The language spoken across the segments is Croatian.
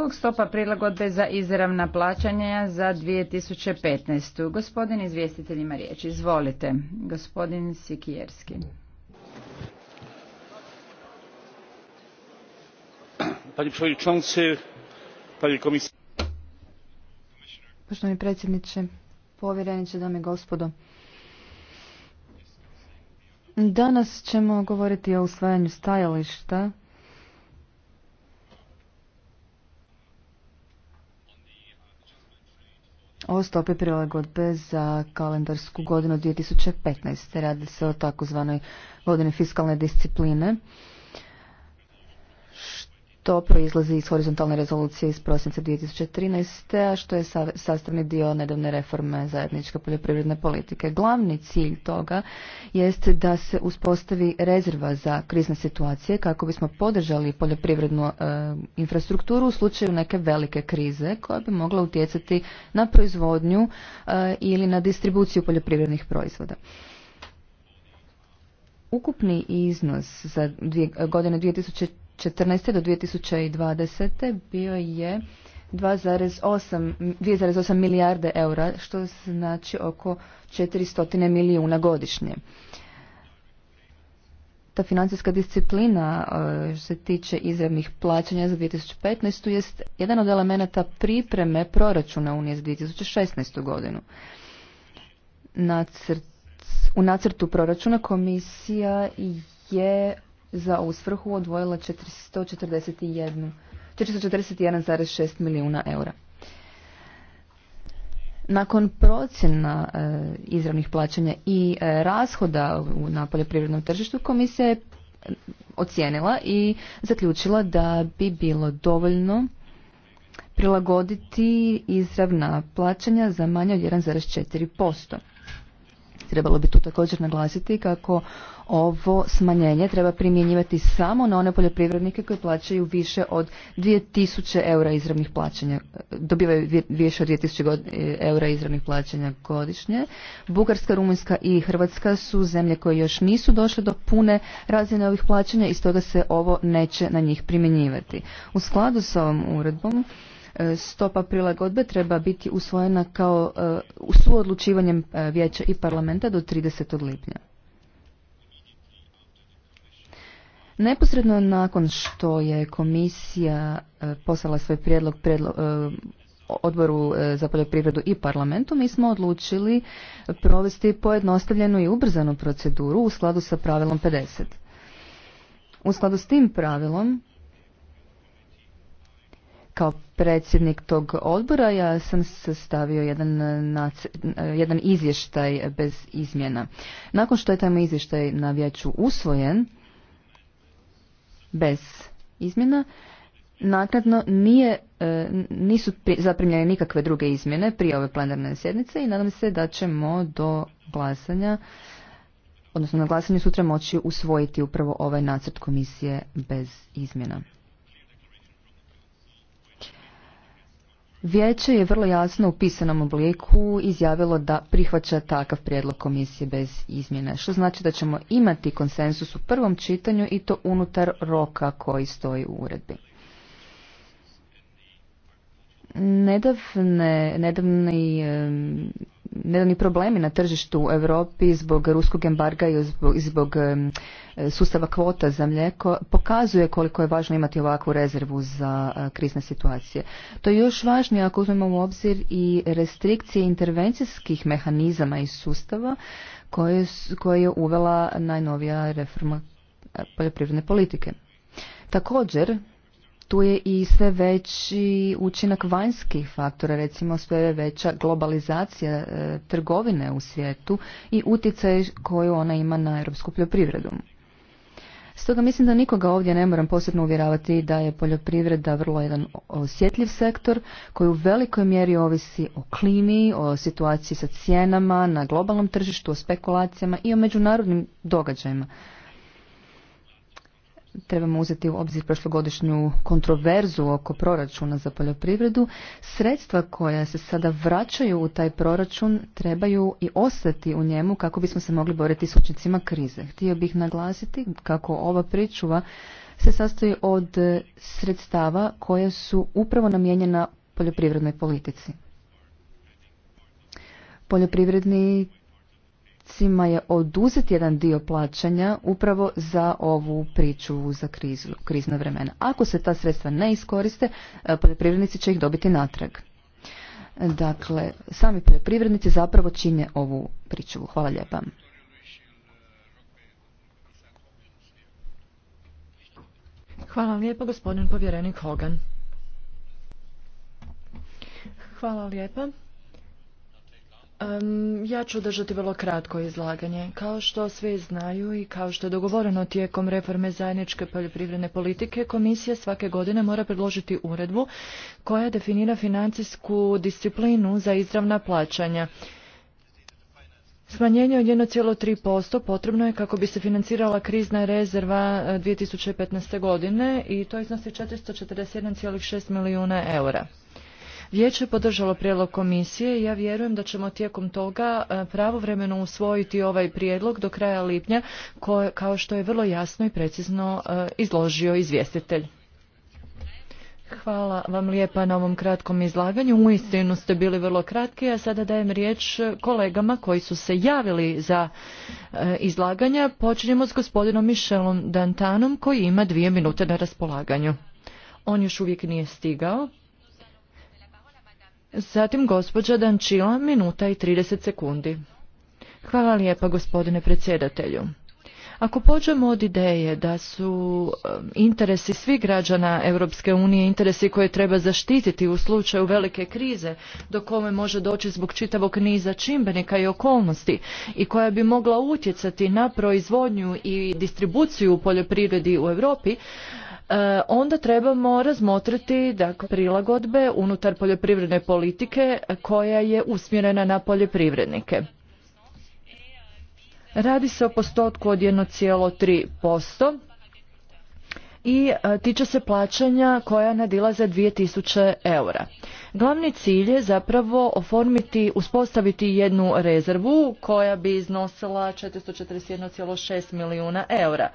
zbog stopa prilagodbe za izravna plaćanja za 2015. Gospodin izvjestitelj ima riječ. Izvolite. Gospodin Sikijerski. Panie przewodniczący, panie komisarzu. Poštovani predsjedniče, povjereniče, dame i gospodo. Danas ćemo govoriti o usvajanju stajališta o stopi prilagodbe za kalendarsku godinu 2015. Radi se o takozvanoj godini fiskalne discipline. To proizlazi iz horizontalne rezolucije iz prosinca 2013. a što je sastavni dio nedavne reforme zajedničke poljoprivredne politike. Glavni cilj toga jest da se uspostavi rezerva za krizne situacije kako bismo podržali poljoprivrednu e, infrastrukturu u slučaju neke velike krize koja bi mogla utjecati na proizvodnju e, ili na distribuciju poljoprivrednih proizvoda. Ukupni iznos za dvije, godine 2014. do 2020. bio je 2,8 milijarde eura, što znači oko 400 milijuna godišnje. Ta financijska disciplina e, što se tiče izravnih plaćanja za 2015. jest jedan od elemenata pripreme proračuna Unije za 2016. godinu. Nacrt, u nacrtu proračuna komisija je za ovu svrhu odvojila 441,6 milijuna eura. Nakon procjena e, izravnih plaćanja i e, rashoda na poljoprivrednom tržištu komisija je e, ocijenila i zaključila da bi bilo dovoljno prilagoditi izravna plaćanja za manje od 1,4%. Trebalo bi tu također naglasiti kako ovo smanjenje treba primjenjivati samo na one poljoprivrednike koji plaćaju više od 2000 eura izravnih plaćanja, dobivaju više od 2000 e, eura izravnih plaćanja godišnje. Bugarska, Rumunjska i Hrvatska su zemlje koje još nisu došle do pune razine ovih plaćanja i stoga se ovo neće na njih primjenjivati. U skladu s ovom uredbom E, stopa prilagodbe treba biti usvojena kao e, suodlučivanjem e, vijeća i parlamenta do 30. lipnja. Neposredno nakon što je komisija poslala svoj prijedlog, prijedlog odboru za poljoprivredu i parlamentu, mi smo odlučili provesti pojednostavljenu i ubrzanu proceduru u skladu sa pravilom 50. U skladu s tim pravilom kao predsjednik tog odbora ja sam sastavio jedan, e, e, jedan izvještaj bez izmjena. Nakon što je taj izvještaj na vijeću usvojen, bez izmjena, naknadno nije, e, nisu zaprimljene nikakve druge izmjene prije ove plenarne sjednice i nadam se da ćemo do glasanja odnosno na glasanju sutra moći usvojiti upravo ovaj nacrt komisije bez izmjena. Vijeće je vrlo jasno u pisanom obliku izjavilo da prihvaća takav prijedlog komisije bez izmjena, što znači da ćemo imati konsensus u prvom čitanju i to unutar roka koji stoji u uredbi. Nedavne, nedavni nedavni problemi na tržištu u Europi zbog ruskog embarga i zbog, zbog sustava kvota za mlijeko pokazuje koliko je važno imati ovakvu rezervu za e, krizne situacije. To je još važnije ako uzmemo u obzir i restrikcije intervencijskih mehanizama i sustava koje, koje je uvela najnovija reforma e, poljoprivredne politike. Također, tu je i sve veći učinak vanjskih faktora, recimo sve veća globalizacija e, trgovine u svijetu i utjecaj koju ona ima na europsku poljoprivredu. Stoga mislim da nikoga ovdje ne moram posebno uvjeravati da je poljoprivreda vrlo jedan osjetljiv sektor koji u velikoj mjeri ovisi o klimi, o situaciji sa cijenama, na globalnom tržištu, o spekulacijama i o međunarodnim događajima trebamo uzeti u obzir prošlogodišnju kontroverzu oko proračuna za poljoprivredu, sredstva koja se sada vraćaju u taj proračun trebaju i ostati u njemu kako bismo se mogli boriti s krize. Htio bih naglasiti kako ova pričuva se sastoji od sredstava koja su upravo namijenjena poljoprivrednoj politici. Poljoprivredni radnicima je oduzet jedan dio plaćanja upravo za ovu priču za krizu, krizna vremena. Ako se ta sredstva ne iskoriste, e, poljoprivrednici će ih dobiti natrag. Dakle, sami poljoprivrednici zapravo čine ovu priču Hvala lijepa. Hvala vam lijepa, gospodin povjerenik Hogan. Hvala lijepa ja ću održati vrlo kratko izlaganje. Kao što svi znaju i kao što je dogovoreno tijekom reforme zajedničke poljoprivredne politike, komisija svake godine mora predložiti uredbu koja definira financijsku disciplinu za izravna plaćanja. Smanjenje od 1,3% potrebno je kako bi se financirala krizna rezerva 2015. Eh, godine i to iznosi 441,6 milijuna eura. Vijeće je podržalo prijedlog komisije i ja vjerujem da ćemo tijekom toga e, pravovremeno usvojiti ovaj prijedlog do kraja lipnja kao što je vrlo jasno i precizno e, izložio izvjestitelj. Hvala vam lijepa na ovom kratkom izlaganju. Uistinu ste bili vrlo kratki, a sada dajem riječ kolegama koji su se javili za e, izlaganja. Počinjemo s gospodinom Mišelom Dantanom koji ima dvije minute na raspolaganju. On još uvijek nije stigao, Zatim gospođa Dančila, minuta i 30 sekundi. Hvala lijepa gospodine predsjedatelju. Ako pođemo od ideje da su um, interesi svih građana Europske unije interesi koje treba zaštititi u slučaju velike krize do kome može doći zbog čitavog niza čimbenika i okolnosti i koja bi mogla utjecati na proizvodnju i distribuciju u poljoprivredi u Europi, E, onda trebamo razmotriti dakle, prilagodbe unutar poljoprivredne politike koja je usmjerena na poljoprivrednike. Radi se o postotku od 1,3% i e, tiče se plaćanja koja nadilaze 2000 eura. Glavni cilj je zapravo oformiti, uspostaviti jednu rezervu koja bi iznosila 441,6 milijuna eura.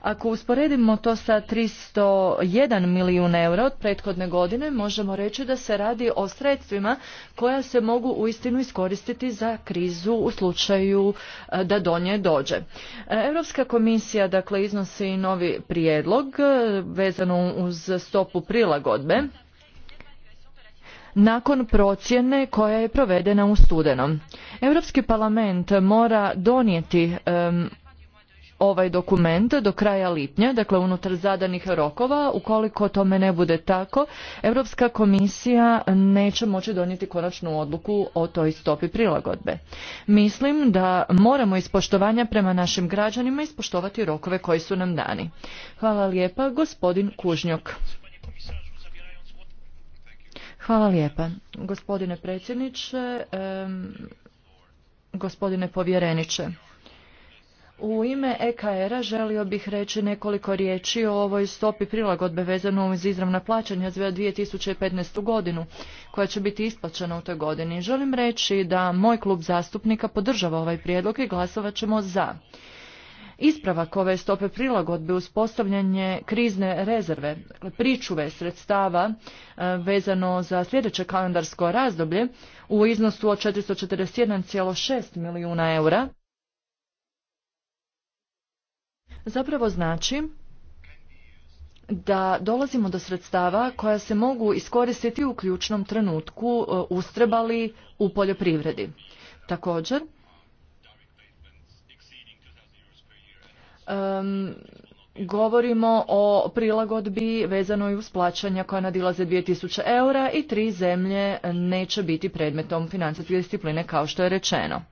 Ako usporedimo to sa 301 milijun eura od prethodne godine, možemo reći da se radi o sredstvima koja se mogu uistinu iskoristiti za krizu u slučaju e, da do nje dođe. E, Europska komisija dakle iznosi novi prijedlog e, vezano uz stopu prilagodbe nakon procjene koja je provedena u studenom. Europski parlament mora donijeti ovaj dokument do kraja lipnja, dakle unutar zadanih rokova. Ukoliko tome ne bude tako, Europska komisija neće moći donijeti konačnu odluku o toj stopi prilagodbe. Mislim da moramo ispoštovanja prema našim građanima ispoštovati rokove koji su nam dani. Hvala lijepa, gospodin Kužnjok. Hvala lijepa. Gospodine predsjedniče, gospodine povjereniče, u ime EKR-a želio bih reći nekoliko riječi o ovoj stopi prilagodbe vezano uz izravna plaćanja za 2015. godinu, koja će biti isplaćena u toj godini. Želim reći da moj klub zastupnika podržava ovaj prijedlog i glasovat ćemo za. Ispravak ove stope prilagodbe uspostavljanje krizne rezerve, dakle, pričuve sredstava e, vezano za sljedeće kalendarsko razdoblje u iznosu od 441,6 milijuna eura, zapravo znači da dolazimo do sredstava koja se mogu iskoristiti u ključnom trenutku e, ustrebali u poljoprivredi. Također, um, govorimo o prilagodbi vezanoj uz plaćanja koja nadilaze 2000 eura i tri zemlje neće biti predmetom financijske discipline kao što je rečeno.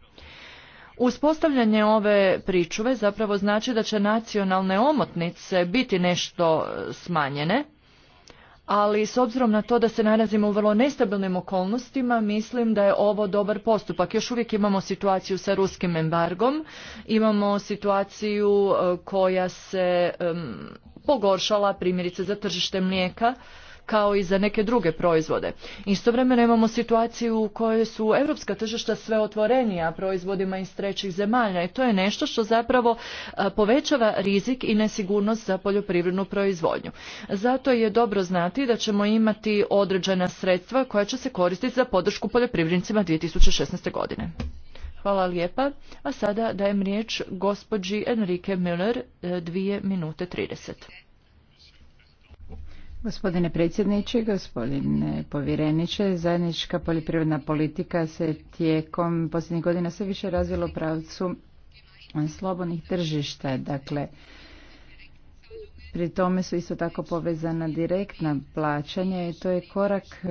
Uspostavljanje ove pričuve zapravo znači da će nacionalne omotnice biti nešto smanjene, ali s obzirom na to da se nalazimo u vrlo nestabilnim okolnostima, mislim da je ovo dobar postupak. Još uvijek imamo situaciju sa ruskim embargom, imamo situaciju e, koja se pogoršala primjerice za tržište mlijeka kao i za neke druge proizvode. Istovremeno imamo situaciju u kojoj su europska tržišta sve otvorenija proizvodima iz trećih zemalja i to je nešto što zapravo povećava rizik i nesigurnost za poljoprivrednu proizvodnju. Zato je dobro znati da ćemo imati određena sredstva koja će se koristiti za podršku poljoprivrednicima 2016. godine. Hvala lijepa. A sada dajem riječ gospođi Enrique Müller, e, dvije minute 30. Gospodine predsjedniče, gospodine povjereniče, zajednička poljoprivredna politika se tijekom posljednjih godina sve više razvila u pravcu slobodnih tržišta. Dakle, pri tome su isto tako povezana direktna plaćanja i to je korak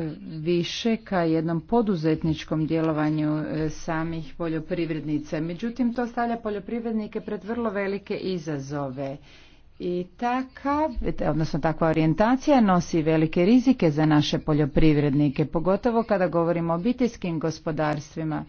više ka jednom poduzetničkom djelovanju e, samih poljoprivrednica. Međutim, to stavlja poljoprivrednike pred vrlo velike izazove i takav, odnosno takva orijentacija nosi velike rizike za naše poljoprivrednike, pogotovo kada govorimo o obiteljskim gospodarstvima.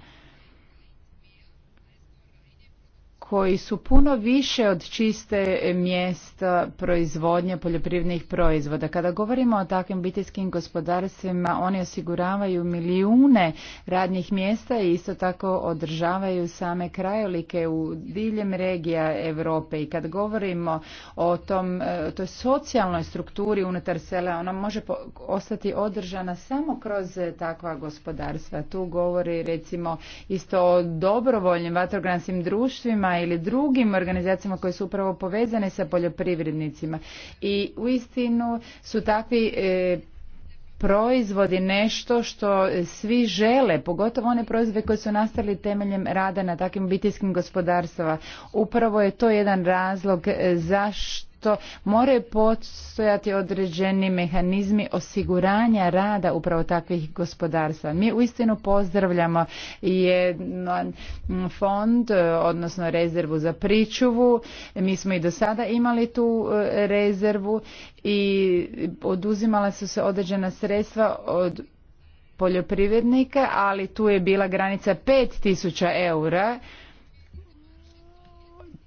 koji su puno više od čiste mjesta proizvodnje poljoprivrednih proizvoda. Kada govorimo o takvim obiteljskim gospodarstvima, oni osiguravaju milijune radnih mjesta i isto tako održavaju same krajolike u diljem regija Europe. I kad govorimo o tom, e, toj socijalnoj strukturi unutar sela, ona može ostati održana samo kroz e, takva gospodarstva. Tu govori recimo isto o dobrovoljnim vatrogranskim društvima ili drugim organizacijama koje su upravo povezane sa poljoprivrednicima i u istinu su takvi e, proizvodi nešto što svi žele, pogotovo one proizvode koji su nastali temeljem rada na takvim obiteljskim gospodarstvama. Upravo je to jedan razlog e, zašto to moraju postojati određeni mehanizmi osiguranja rada upravo takvih gospodarstva. Mi uistinu pozdravljamo jedan fond, odnosno rezervu za pričuvu. Mi smo i do sada imali tu e, rezervu i oduzimala su se određena sredstva od poljoprivrednika, ali tu je bila granica 5000 eura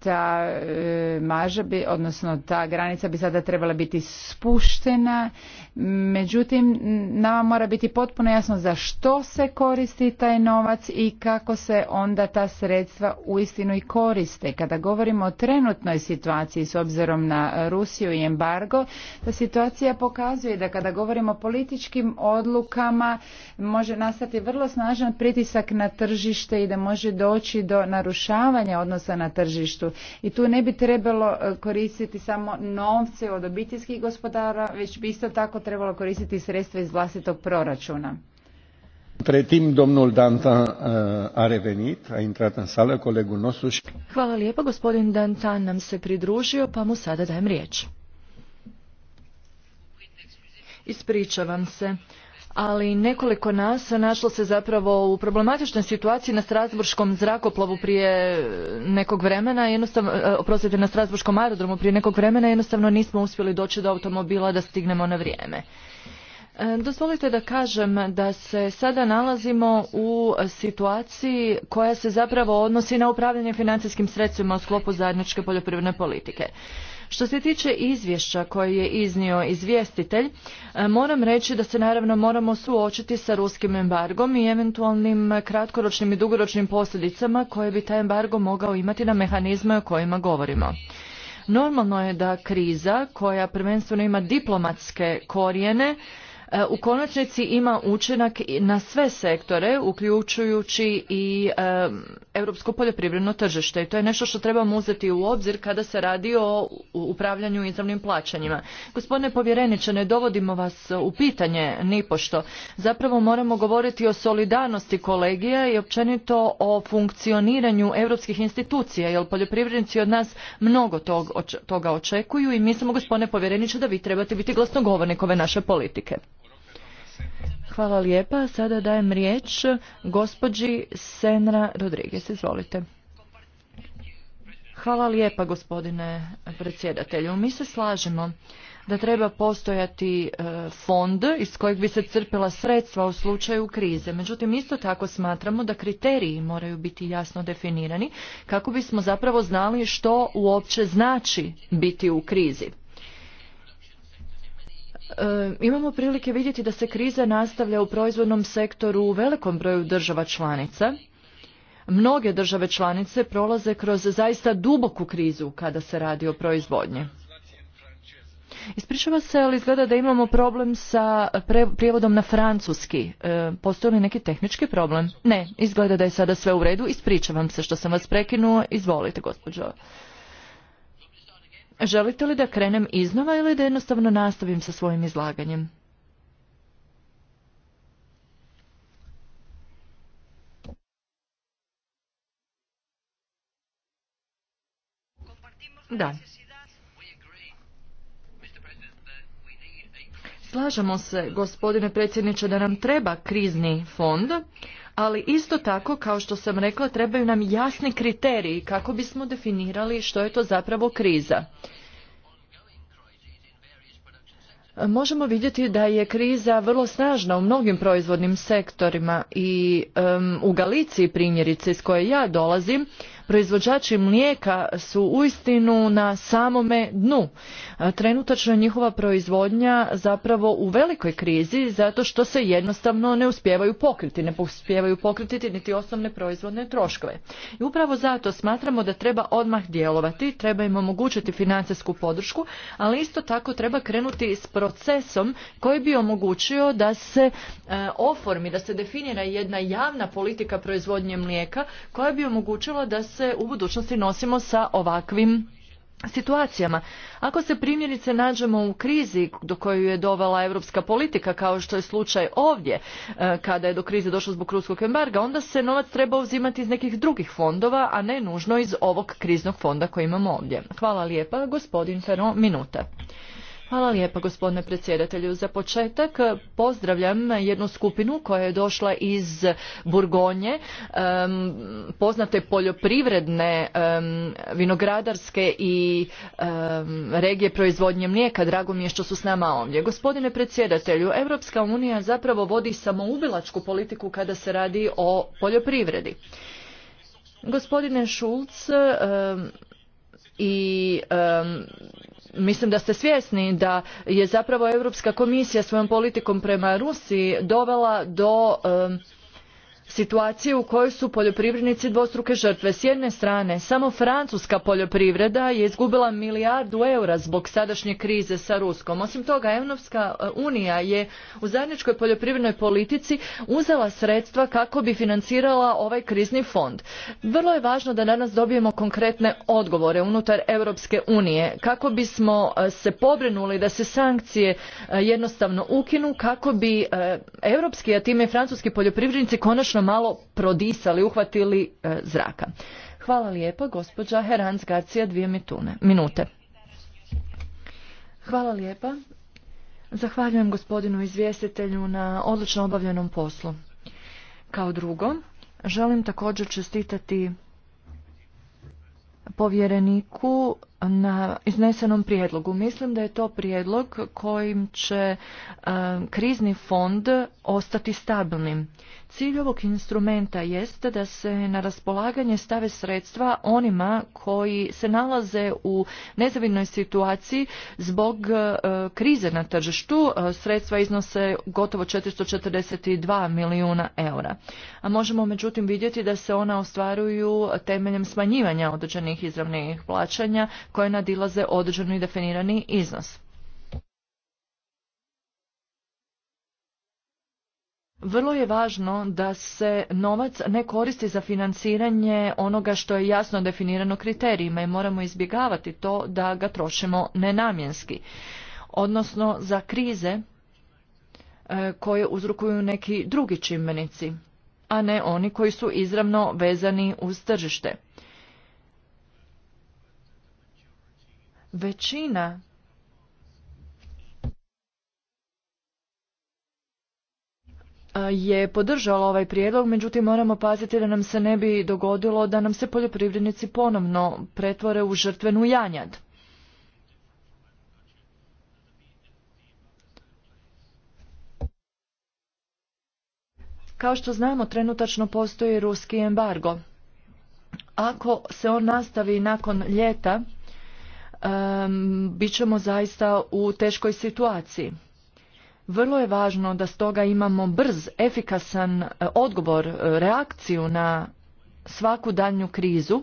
ta e, maža bi, odnosno ta granica bi sada trebala biti spuštena. Međutim, nama mora biti potpuno jasno za što se koristi taj novac i kako se onda ta sredstva uistinu i koriste. Kada govorimo o trenutnoj situaciji s obzirom na Rusiju i embargo, ta situacija pokazuje da kada govorimo o političkim odlukama može nastati vrlo snažan pritisak na tržište i da može doći do narušavanja odnosa na tržištu i tu ne bi trebalo e, koristiti samo novce od obiteljskih gospodara, već bi isto tako trebalo koristiti sredstva iz vlastitog proračuna. Pre domnul Dantan e, a revenit, a intrat în sală colegul nostru. Hvala lijepa, gospodin Dantan nam se pridružio, pa mu sada dajem riječ. Ispričavam se ali nekoliko nas našlo se zapravo u problematičnoj situaciji na Strasburškom zrakoplovu prije e, nekog vremena, jednostavno, e, oprostite, na Strasburškom aerodromu prije nekog vremena, jednostavno nismo uspjeli doći do automobila da stignemo na vrijeme. E, dozvolite da kažem da se sada nalazimo u situaciji koja se zapravo odnosi na upravljanje financijskim sredstvima u sklopu zajedničke poljoprivredne politike. Što se tiče izvješća koje je iznio izvjestitelj, e, moram reći da se naravno moramo suočiti sa ruskim embargom i eventualnim kratkoročnim i dugoročnim posljedicama koje bi taj embargo mogao imati na mehanizme o kojima govorimo. Normalno je da kriza koja prvenstveno ima diplomatske korijene E, u konačnici ima učinak na sve sektore, uključujući i e, europsko poljoprivredno tržište. I to je nešto što trebamo uzeti u obzir kada se radi o upravljanju izravnim plaćanjima. Gospodine povjereniče, ne dovodimo vas u pitanje nipošto. Zapravo moramo govoriti o solidarnosti kolegija i općenito o funkcioniranju europskih institucija, jer poljoprivrednici od nas mnogo toga očekuju i mislimo, gospodine povjereniče, da vi trebate biti glasnogovornik ove naše politike. Hvala lijepa. Sada dajem riječ gospođi Senra Rodriguez. Izvolite. Hvala lijepa gospodine predsjedatelju. Mi se slažemo da treba postojati e, fond iz kojeg bi se crpila sredstva u slučaju krize. Međutim, isto tako smatramo da kriteriji moraju biti jasno definirani kako bismo zapravo znali što uopće znači biti u krizi. E, imamo prilike vidjeti da se kriza nastavlja u proizvodnom sektoru u velikom broju država članica. Mnoge države članice prolaze kroz zaista duboku krizu kada se radi o proizvodnji. Ispričava se, ali izgleda da imamo problem sa prijevodom na francuski. E, postoji li neki tehnički problem? Ne, izgleda da je sada sve u redu. Ispričavam se što sam vas prekinuo. Izvolite, gospođo. Želite li da krenem iznova ili da jednostavno nastavim sa svojim izlaganjem? Slažemo se, gospodine predsjedniče, da nam treba krizni fond ali isto tako, kao što sam rekla, trebaju nam jasni kriteriji kako bismo definirali što je to zapravo kriza. Možemo vidjeti da je kriza vrlo snažna u mnogim proizvodnim sektorima i u Galiciji primjerice iz koje ja dolazim Proizvođači mlijeka su uistinu na samome dnu. E, trenutačno je njihova proizvodnja zapravo u velikoj krizi zato što se jednostavno ne uspijevaju pokriti, ne uspijevaju pokriti niti osnovne proizvodne troškove. I upravo zato smatramo da treba odmah djelovati, treba im omogućiti financijsku podršku, ali isto tako treba krenuti s procesom koji bi omogućio da se e, oformi, da se definira jedna javna politika proizvodnje mlijeka koja bi omogućila da se se u budućnosti nosimo sa ovakvim situacijama. Ako se primjerice nađemo u krizi do koju je dovela europska politika, kao što je slučaj ovdje, e, kada je do krize došlo zbog ruskog embarga, onda se novac treba uzimati iz nekih drugih fondova, a ne nužno iz ovog kriznog fonda koji imamo ovdje. Hvala lijepa, gospodin Ferro, minuta. Hvala lijepa gospodine predsjedatelju. Za početak pozdravljam jednu skupinu koja je došla iz Burgonje, poznate poljoprivredne vinogradarske i regije proizvodnje mlijeka. Drago mi je što su s nama ovdje. Gospodine predsjedatelju, Europska unija zapravo vodi samoubilačku politiku kada se radi o poljoprivredi. Gospodine Šulc i mislim da ste svjesni da je zapravo europska komisija svojom politikom prema rusiji dovela do situaciju u kojoj su poljoprivrednici dvostruke žrtve. S jedne strane, samo francuska poljoprivreda je izgubila milijardu eura zbog sadašnje krize sa Ruskom. Osim toga, Europska eh, unija je u zajedničkoj poljoprivrednoj politici uzela sredstva kako bi financirala ovaj krizni fond. Vrlo je važno da danas dobijemo konkretne odgovore unutar Europske unije kako bismo eh, se pobrinuli da se sankcije eh, jednostavno ukinu kako bi europski a time i francuski poljoprivrednici konačno malo prodisali, uhvatili e, zraka. Hvala lijepa, gospođa Heranz Garcia, dvije minute. Hvala lijepa. Zahvaljujem gospodinu izvjestitelju na odlično obavljenom poslu. Kao drugo, želim također čestitati povjereniku na iznesenom prijedlogu. Mislim da je to prijedlog kojim će e, krizni fond ostati stabilnim. Cilj ovog instrumenta jeste da se na raspolaganje stave sredstva onima koji se nalaze u nezavidnoj situaciji zbog e, krize na tržištu. E, sredstva iznose gotovo 442 milijuna eura. A možemo međutim vidjeti da se ona ostvaruju temeljem smanjivanja određenih izravnih plaćanja koje nadilaze određeni definirani iznos. vrlo je važno da se novac ne koristi za financiranje onoga što je jasno definirano kriterijima i moramo izbjegavati to da ga trošimo nenamjenski, odnosno za krize e, koje uzrokuju neki drugi čimbenici, a ne oni koji su izravno vezani uz tržište. Većina je podržala ovaj prijedlog, međutim moramo paziti da nam se ne bi dogodilo da nam se poljoprivrednici ponovno pretvore u žrtvenu janjad. Kao što znamo, trenutačno postoji ruski embargo. Ako se on nastavi nakon ljeta, bit ćemo zaista u teškoj situaciji. Vrlo je važno da stoga imamo brz, efikasan e, odgovor, e, reakciju na svaku daljnju krizu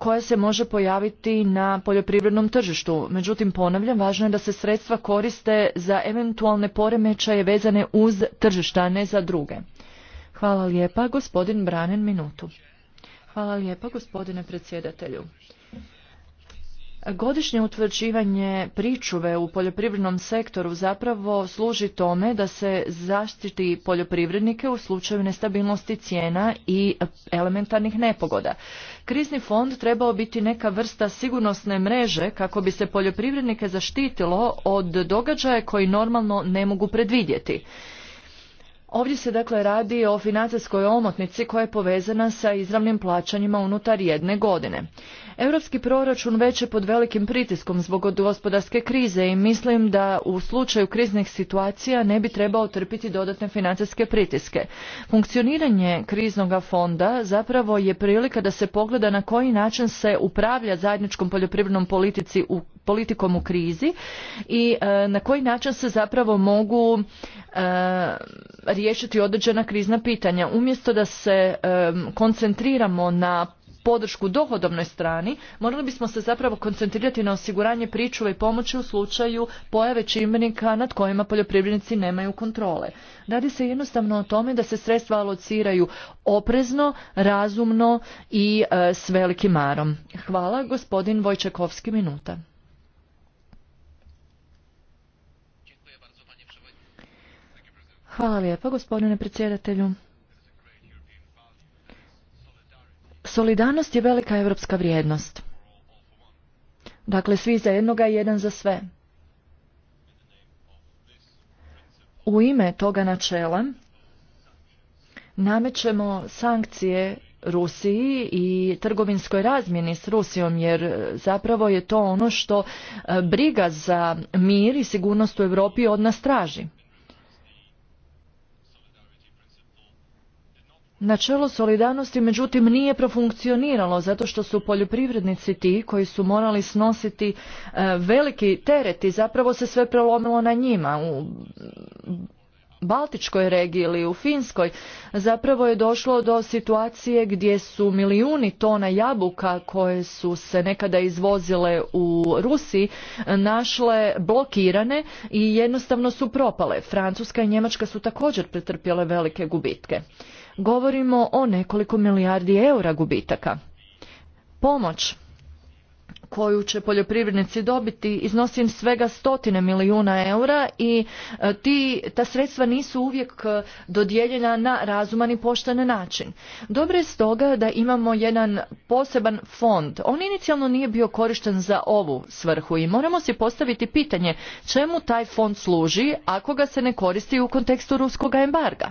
koja se može pojaviti na poljoprivrednom tržištu. Međutim, ponavljam, važno je da se sredstva koriste za eventualne poremećaje vezane uz tržišta, a ne za druge. Hvala lijepa, gospodin Branen, minutu. Hvala lijepa, gospodine predsjedatelju. Godišnje utvrđivanje pričuve u poljoprivrednom sektoru zapravo služi tome da se zaštiti poljoprivrednike u slučaju nestabilnosti cijena i elementarnih nepogoda. Krizni fond trebao biti neka vrsta sigurnosne mreže kako bi se poljoprivrednike zaštitilo od događaja koji normalno ne mogu predvidjeti. Ovdje se dakle radi o financijskoj omotnici koja je povezana sa izravnim plaćanjima unutar jedne godine. Europski proračun već je pod velikim pritiskom zbog gospodarske krize i mislim da u slučaju kriznih situacija ne bi trebao trpiti dodatne financijske pritiske. Funkcioniranje kriznog fonda zapravo je prilika da se pogleda na koji način se upravlja zajedničkom poljoprivrednom politici u politikom u krizi i e, na koji način se zapravo mogu e, riješiti određena krizna pitanja. Umjesto da se e, koncentriramo na podršku dohodovnoj strani, morali bismo se zapravo koncentrirati na osiguranje pričuve i pomoći u slučaju pojave čimbenika nad kojima poljoprivrednici nemaju kontrole. Radi se jednostavno o tome da se sredstva alociraju oprezno, razumno i e, s velikim marom. Hvala, gospodin Vojčekovski, minuta. Hvala lijepa, gospodine predsjedatelju. Solidarnost je velika europska vrijednost. Dakle, svi za jednoga i jedan za sve. U ime toga načela namećemo sankcije Rusiji i trgovinskoj razmjeni s Rusijom, jer zapravo je to ono što e, briga za mir i sigurnost u Europi od nas traži. Načelo solidarnosti međutim nije profunkcioniralo zato što su poljoprivrednici ti koji su morali snositi e, veliki teret i zapravo se sve prelomilo na njima. U Baltičkoj regiji ili u Finskoj zapravo je došlo do situacije gdje su milijuni tona jabuka koje su se nekada izvozile u Rusiji e, našle blokirane i jednostavno su propale. Francuska i Njemačka su također pretrpjele velike gubitke. Govorimo o nekoliko milijardi eura gubitaka. Pomoć koju će poljoprivrednici dobiti iznosim svega stotine milijuna eura i e, ti, ta sredstva nisu uvijek e, dodijeljena na razuman i pošten način. Dobro je stoga da imamo jedan poseban fond. On inicijalno nije bio korišten za ovu svrhu i moramo si postaviti pitanje čemu taj fond služi ako ga se ne koristi u kontekstu ruskog embarga.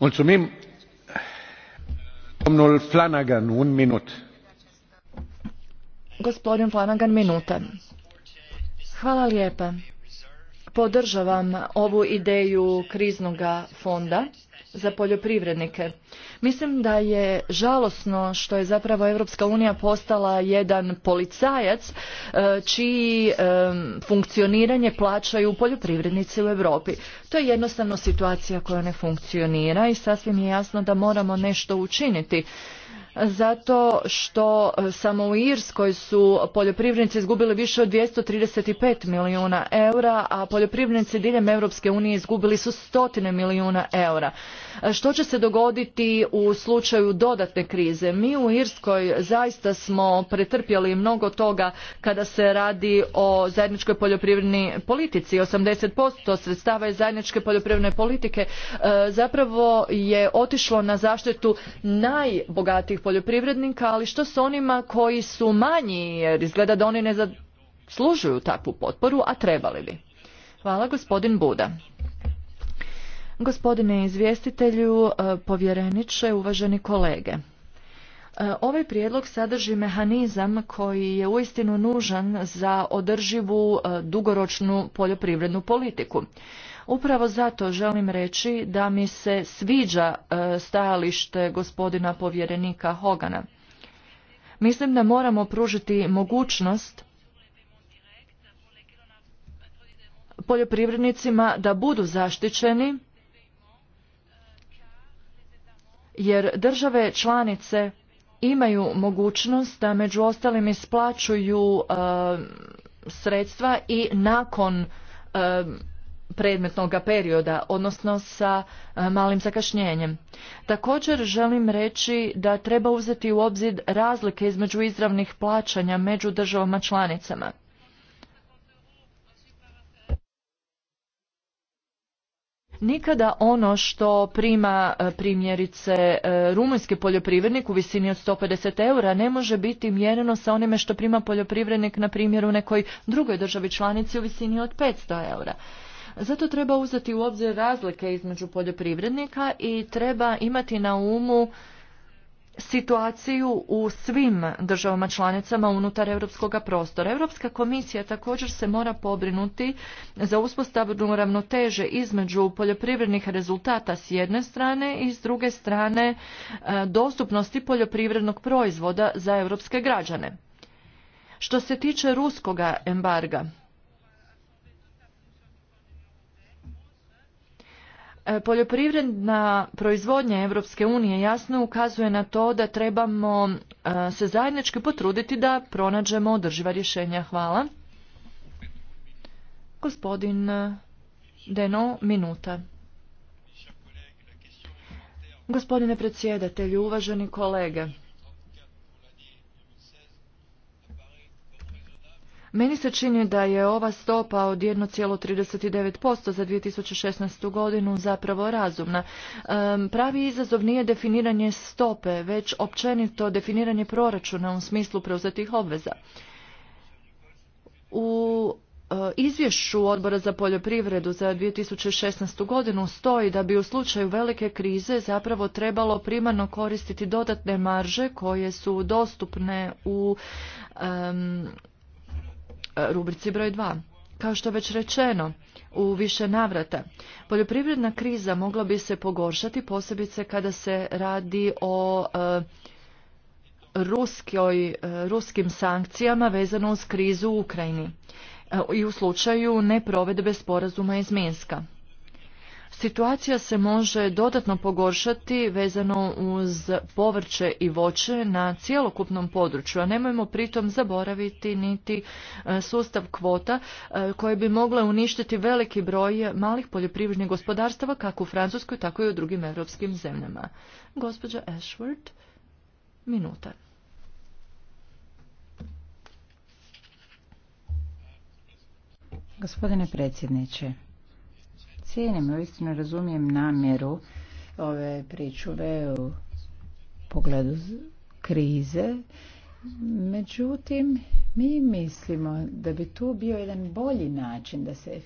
Mulțumim. Domnul Flanagan, un minut. Gospodin Flanagan, minuta. Hvala lijepa podržavam ovu ideju kriznoga fonda za poljoprivrednike. Mislim da je žalosno što je zapravo Europska unija postala jedan policajac e, čiji e, funkcioniranje plaćaju poljoprivrednici u Europi. To je jednostavno situacija koja ne funkcionira i sasvim je jasno da moramo nešto učiniti zato što e, samo u Irskoj su poljoprivrednici izgubili više od 235 milijuna eura, a poljoprivrednici diljem Europske unije izgubili su stotine milijuna eura. Što će se dogoditi u slučaju dodatne krize? Mi u Irskoj zaista smo pretrpjeli mnogo toga kada se radi o zajedničkoj poljoprivrednoj politici. 80% sredstava iz zajedničke poljoprivredne politike e, zapravo je otišlo na zaštitu najbogatijih poljoprivrednika, ali što s onima koji su manji, jer izgleda da oni ne zaslužuju takvu potporu, a trebali bi. Hvala gospodin Buda. Gospodine izvjestitelju, e, povjereniče, uvaženi kolege. E, ovaj prijedlog sadrži mehanizam koji je uistinu nužan za održivu e, dugoročnu poljoprivrednu politiku. Upravo zato želim reći da mi se sviđa stajalište gospodina povjerenika Hogana. Mislim da moramo pružiti mogućnost poljoprivrednicima da budu zaštićeni jer države članice imaju mogućnost da među ostalim isplaćuju e, sredstva i nakon e, predmetnog perioda, odnosno sa e, malim zakašnjenjem. Također želim reći da treba uzeti u obzir razlike između izravnih plaćanja među državama članicama. Nikada ono što prima e, primjerice e, rumunjski poljoprivrednik u visini od 150 eura ne može biti mjereno sa onime što prima poljoprivrednik na primjer u nekoj drugoj državi članici u visini od 500 eura. Zato treba uzeti u obzir razlike između poljoprivrednika i treba imati na umu situaciju u svim državama članicama unutar europskog prostora. Europska komisija također se mora pobrinuti za uspostavnu ravnoteže između poljoprivrednih rezultata s jedne strane i s druge strane e, dostupnosti poljoprivrednog proizvoda za europske građane. Što se tiče ruskoga embarga, E, poljoprivredna proizvodnja Europske unije jasno ukazuje na to da trebamo e, se zajednički potruditi da pronađemo održiva rješenja. Hvala. Gospodin Deno, minuta. Gospodine predsjedatelju, uvaženi kolege, Meni se čini da je ova stopa od 1,39% za 2016. godinu zapravo razumna. Pravi izazov nije definiranje stope, već općenito definiranje proračuna u smislu preuzetih obveza. U e, izvješću Odbora za poljoprivredu za 2016. godinu stoji da bi u slučaju velike krize zapravo trebalo primarno koristiti dodatne marže koje su dostupne u rubrici broj 2. Kao što već rečeno, u više navrata, poljoprivredna kriza mogla bi se pogoršati, posebice kada se radi o e, ruskoj, e, ruskim sankcijama vezano uz krizu u Ukrajini e, i u slučaju neprovedbe sporazuma iz Minska. Situacija se može dodatno pogoršati vezano uz povrće i voće na cijelokupnom području, a nemojmo pritom zaboraviti niti e, sustav kvota e, koje bi mogle uništiti veliki broj malih poljoprivrednih gospodarstava kako u Francuskoj, tako i u drugim europskim zemljama. Gospođa Ashworth, minuta. Gospodine predsjedniče, cijenim, razumijem namjeru ove pričuve u pogledu krize. Međutim, mi mislimo da bi tu bio jedan bolji način da se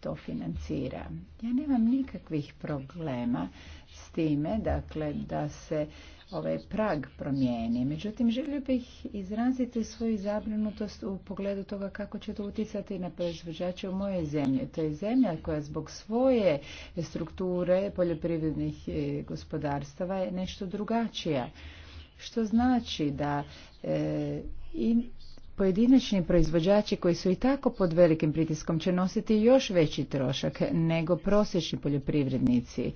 to financira. Ja nemam nikakvih problema s time, dakle, da se ovaj prag promijeni. Međutim, želio bih izraziti svoju zabrinutost u pogledu toga kako će to utjecati na proizvođače u mojoj zemlji. To je zemlja koja zbog svoje strukture poljoprivrednih e, gospodarstava je nešto drugačija. Što znači da e, i pojedinačni proizvođači koji su i tako pod velikim pritiskom će nositi još veći trošak nego prosječni poljoprivrednici.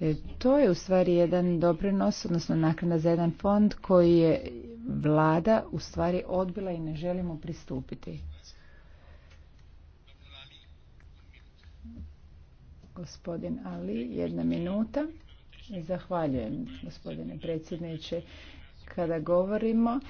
E, to je u stvari jedan doprinos, odnosno naknada za jedan fond koji je vlada u stvari odbila i ne želimo pristupiti. Gospodin Ali, jedna minuta. Zahvaljujem, gospodine predsjedniče. Kada govorimo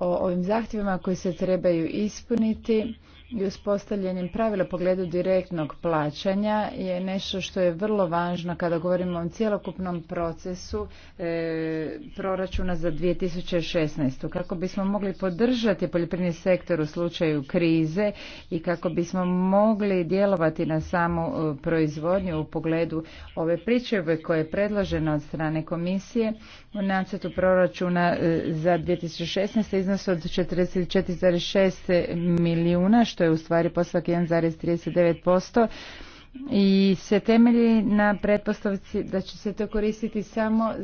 o ovim zahtjevima koji se trebaju ispuniti i uspostavljenim pravila pogledu direktnog plaćanja je nešto što je vrlo važno kada govorimo o cjelokupnom procesu e, proračuna za 2016. Kako bismo mogli podržati poljoprivredni sektor u slučaju krize i kako bismo mogli djelovati na samu e, proizvodnju u pogledu ove pričeve koje je predložena od strane komisije, u nacrtu proračuna e, za 2016. iznos od 44,6 milijuna, što je u stvari poslak 1,39% i se temelji na pretpostavci da će se to koristiti samo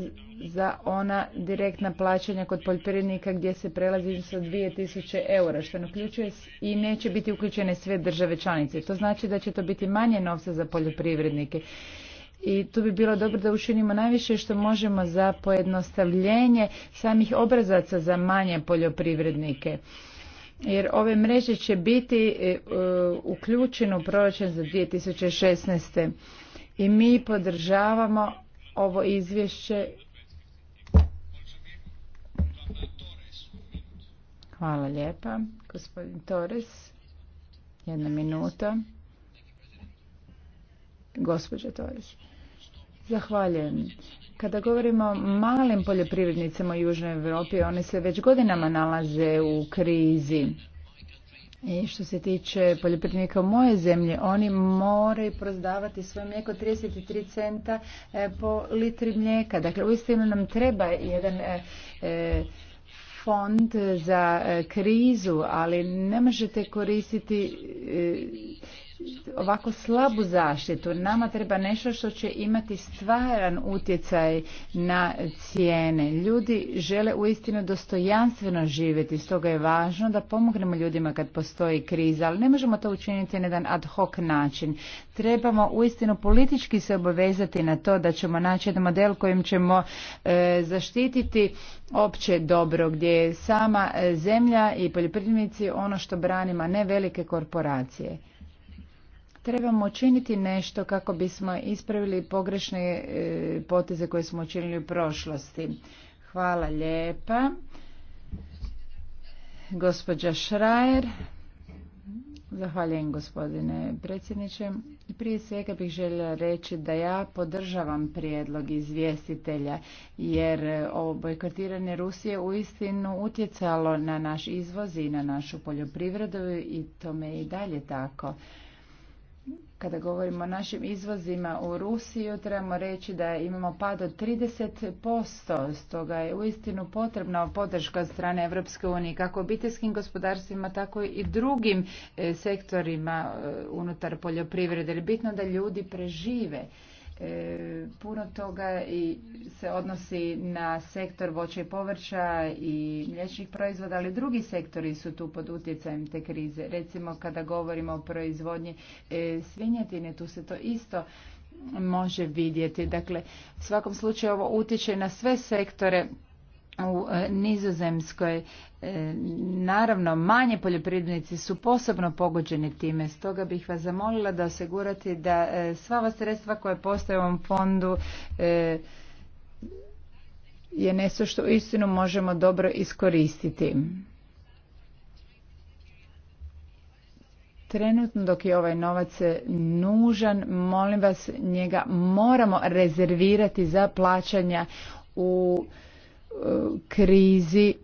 za ona direktna plaćanja kod poljoprivrednika gdje se prelazi sa 2000 eura, što ne uključuje i neće biti uključene sve države članice. To znači da će to biti manje novca za poljoprivrednike i tu bi bilo dobro da učinimo najviše što možemo za pojednostavljenje samih obrazaca za manje poljoprivrednike jer ove mreže će biti e, e, uključene u proračun za 2016. I mi podržavamo ovo izvješće. Hvala lijepa, gospodin Torres. Jedna minuta. Gospođa Torres. Zahvaljujem. Kada govorimo o malim poljoprivrednicama u Južnoj Europi, oni se već godinama nalaze u krizi. I što se tiče poljoprivrednika u moje zemlje, oni moraju prozdavati svoje mlijeko 33 centa e, po litri mlijeka. Dakle, uistinu nam treba jedan e, e, fond za krizu, ali ne možete koristiti ovako slabu zaštitu. Nama treba nešto što će imati stvaran utjecaj na cijene. Ljudi žele uistinu dostojanstveno živjeti, stoga je važno da pomognemo ljudima kad postoji kriza, ali ne možemo to učiniti na jedan ad hoc način. Trebamo uistinu politički se obavezati na to da ćemo naći jedan model kojim ćemo e, zaštititi opće dobro gdje je sama e, zemlja i poljoprivrednici ono što branima ne velike korporacije trebamo činiti nešto kako bismo ispravili pogrešne e, poteze koje smo učinili u prošlosti. Hvala lijepa. Gospođa Šrajer. Zahvaljujem gospodine predsjedniče. Prije svega bih željela reći da ja podržavam prijedlog izvjestitelja jer ovo bojkotiranje Rusije uistinu utjecalo na naš izvoz i na našu poljoprivredu i tome i dalje tako kada govorimo o našim izvozima u Rusiju, trebamo reći da imamo pad od 30%, stoga je uistinu potrebna podrška od strane Europske unije, kako obiteljskim gospodarstvima, tako i drugim e, sektorima e, unutar poljoprivrede. bitno da ljudi prežive E, puno toga i se odnosi na sektor voća i povrća i mliječnih proizvoda, ali drugi sektori su tu pod utjecajem te krize. Recimo kada govorimo o proizvodnji e, svinjetine, tu se to isto može vidjeti. Dakle, u svakom slučaju ovo utječe na sve sektore u e, Nizozemskoj. E, naravno, manje poljoprivrednici su posebno pogođeni time, stoga bih vas zamolila da osigurate da e, sva ova sredstva koje postoje u ovom fondu je nešto što istinu možemo dobro iskoristiti. Trenutno dok je ovaj novac nužan, molim vas, njega moramo rezervirati za plaćanja u krizi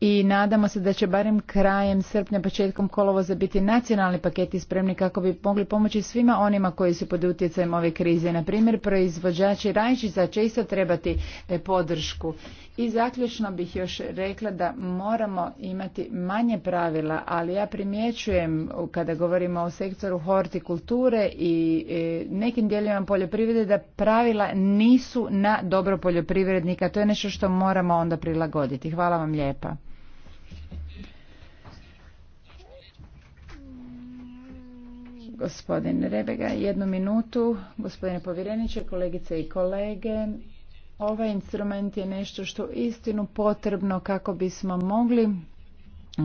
i nadamo se da će barem krajem srpnja, početkom kolovoza biti nacionalni paketi spremni kako bi mogli pomoći svima onima koji su pod utjecajem ove krize. Na primjer, proizvođači rajčica će isto trebati e, podršku. I zaključno bih još rekla da moramo imati manje pravila, ali ja primjećujem kada govorimo o sektoru hortikulture i e, nekim dijelovima poljoprivrede da pravila nisu na dobro poljoprivrednika. To je nešto što moramo onda prilagoditi. Hvala vam lijepa. Gospodin Rebega, jednu minutu. Gospodine povjereniče, kolegice i kolege, ovaj instrument je nešto što istinu potrebno kako bismo mogli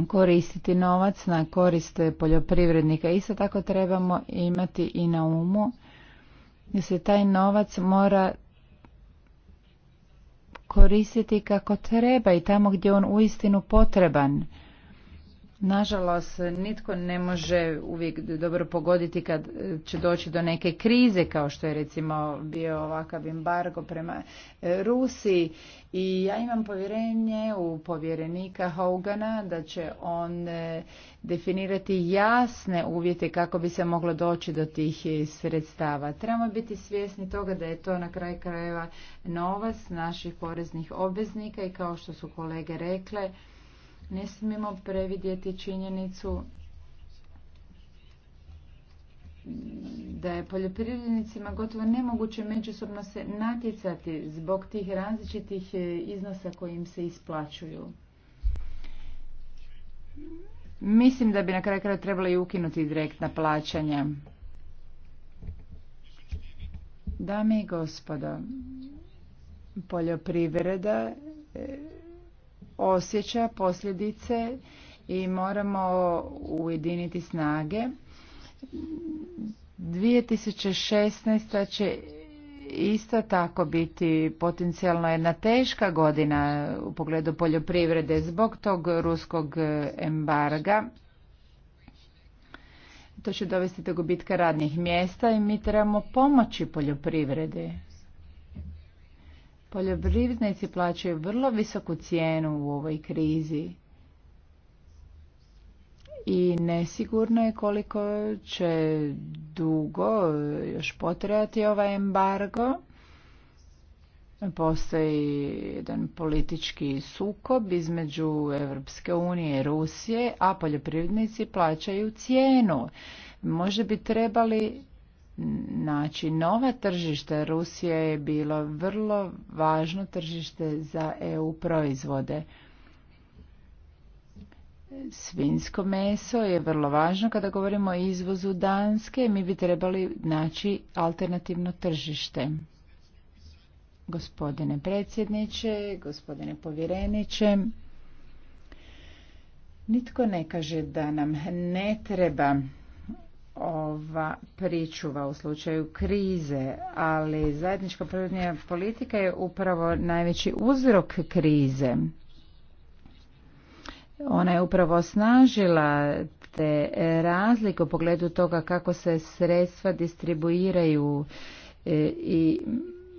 koristiti novac na koriste poljoprivrednika. Isto tako trebamo imati i na umu da se taj novac mora koristiti kako treba i tamo gdje on uistinu potreban. Nažalost, nitko ne može uvijek dobro pogoditi kad e, će doći do neke krize, kao što je recimo bio ovakav embargo prema e, Rusiji. I ja imam povjerenje u povjerenika Hogana da će on e, definirati jasne uvjete kako bi se moglo doći do tih sredstava. Trebamo biti svjesni toga da je to na kraj krajeva novac naših poreznih obveznika i kao što su kolege rekle, ne smijemo previdjeti činjenicu da je poljoprivrednicima gotovo nemoguće međusobno se natjecati zbog tih različitih e, iznosa koji im se isplaćuju. Mislim da bi na kraju kraja trebalo i ukinuti direktna plaćanja. Dame i gospodo, poljoprivreda e, osjeća posljedice i moramo ujediniti snage. 2016. će isto tako biti potencijalno jedna teška godina u pogledu poljoprivrede zbog tog ruskog embarga. To će dovesti do gubitka radnih mjesta i mi trebamo pomoći poljoprivredi. Poljoprivrednici plaćaju vrlo visoku cijenu u ovoj krizi i nesigurno je koliko će dugo još potrajati ovaj embargo. Postoji jedan politički sukob između Europske unije i Rusije, a poljoprivrednici plaćaju cijenu. Možda bi trebali Znači, nova tržišta. Rusija je bilo vrlo važno tržište za EU proizvode. Svinsko meso je vrlo važno kada govorimo o izvozu Danske. Mi bi trebali naći alternativno tržište. Gospodine predsjedniče, gospodine povjereniče, nitko ne kaže da nam ne treba ova pričuva u slučaju krize, ali zajednička prirodnija politika je upravo najveći uzrok krize. Ona je upravo osnažila te razlike u pogledu toga kako se sredstva distribuiraju e, i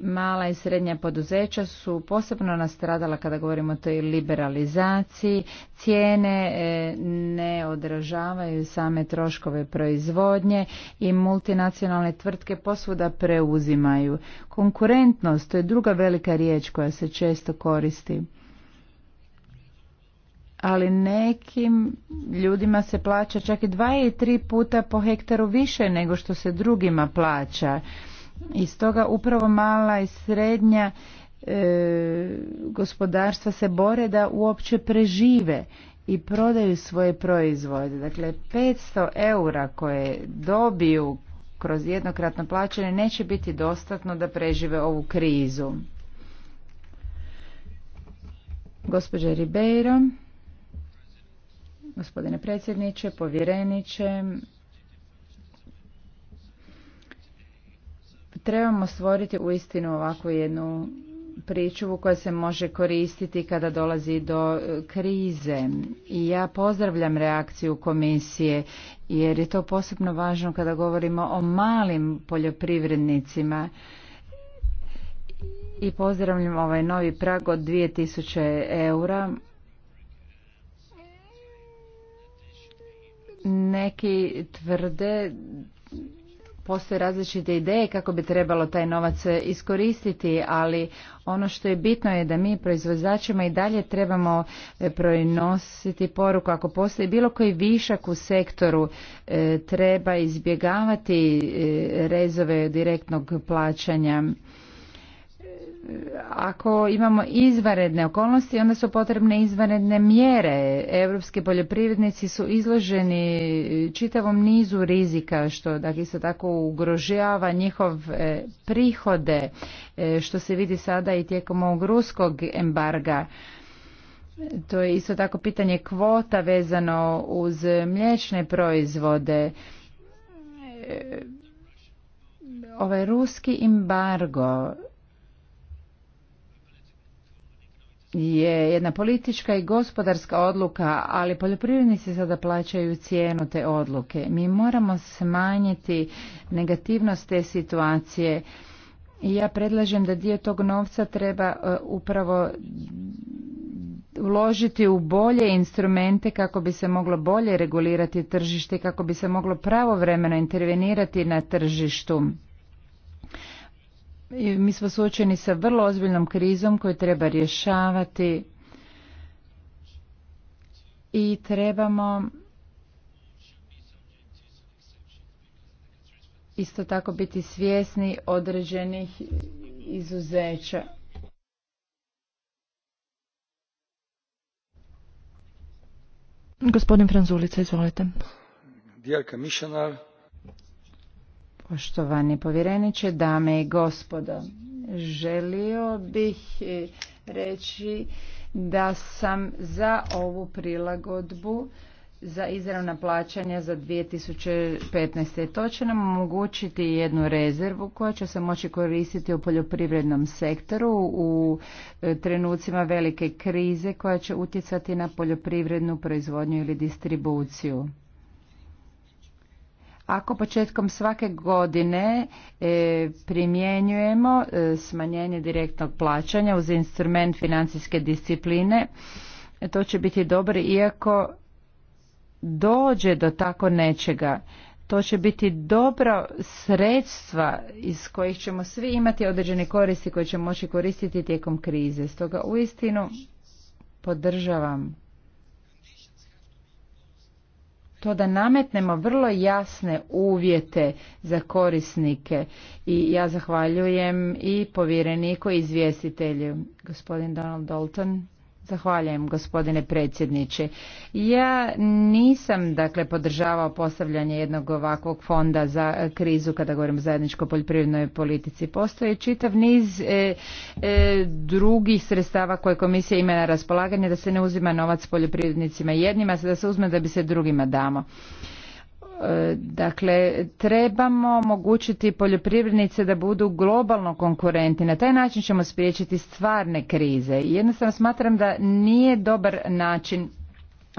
Mala i srednja poduzeća su posebno nastradala kada govorimo o toj liberalizaciji. Cijene e, ne odražavaju same troškove proizvodnje i multinacionalne tvrtke posvuda preuzimaju. Konkurentnost, to je druga velika riječ koja se često koristi. Ali nekim ljudima se plaća čak i dva i tri puta po hektaru više nego što se drugima plaća. I stoga upravo mala i srednja e, gospodarstva se bore da uopće prežive i prodaju svoje proizvode. Dakle, 500 eura koje dobiju kroz jednokratno plaćanje neće biti dostatno da prežive ovu krizu. Gospođa Ribeiro, gospodine predsjedniče, povjereniče, trebamo stvoriti uistinu ovakvu jednu pričuvu koja se može koristiti kada dolazi do e, krize. I ja pozdravljam reakciju komisije jer je to posebno važno kada govorimo o malim poljoprivrednicima. I pozdravljam ovaj novi prag od 2000 eura. Neki tvrde postoje različite ideje kako bi trebalo taj novac e, iskoristiti, ali ono što je bitno je da mi proizvođačima i dalje trebamo e, prenositi poruku. Ako postoji bilo koji višak u sektoru, e, treba izbjegavati rezove direktnog plaćanja ako imamo izvanredne okolnosti, onda su potrebne izvanredne mjere. Europski poljoprivrednici su izloženi čitavom nizu rizika, što dakle, isto tako ugrožava njihov e, prihode, e, što se vidi sada i tijekom ovog ruskog embarga. To je isto tako pitanje kvota vezano uz mliječne proizvode. E, ovaj ruski embargo je jedna politička i gospodarska odluka, ali poljoprivrednici sada plaćaju cijenu te odluke. Mi moramo smanjiti negativnost te situacije i ja predlažem da dio tog novca treba e, upravo uložiti u bolje instrumente kako bi se moglo bolje regulirati tržište, kako bi se moglo pravovremeno intervenirati na tržištu mi smo suočeni sa vrlo ozbiljnom krizom koju treba rješavati i trebamo isto tako biti svjesni određenih izuzeća. Gospodin Franzulica, izvolite. Dear Commissioner, Poštovani povjereniče, dame i gospodo, želio bih e, reći da sam za ovu prilagodbu za izravna plaćanja za 2015. To će nam omogućiti jednu rezervu koja će se moći koristiti u poljoprivrednom sektoru u e, trenucima velike krize koja će utjecati na poljoprivrednu proizvodnju ili distribuciju. Ako početkom svake godine e, primjenjujemo e, smanjenje direktnog plaćanja uz instrument financijske discipline, to će biti dobro iako dođe do tako nečega. To će biti dobro sredstva iz kojih ćemo svi imati određene koristi koje ćemo moći koristiti tijekom krize. Stoga uistinu podržavam to da nametnemo vrlo jasne uvjete za korisnike i ja zahvaljujem i povjereniku i izvjestitelju gospodin Donald Dalton Zahvaljujem gospodine predsjedniče. Ja nisam dakle podržavao postavljanje jednog ovakvog fonda za krizu kada govorim o zajedničkoj poljoprivrednoj politici. Postoji čitav niz e, e, drugih sredstava koje komisija ima na raspolaganje da se ne uzima novac poljoprivrednicima jednima, da se uzme da bi se drugima damo. E, dakle, trebamo omogućiti poljoprivrednice da budu globalno konkurenti. Na taj način ćemo spriječiti stvarne krize. Jednostavno smatram da nije dobar način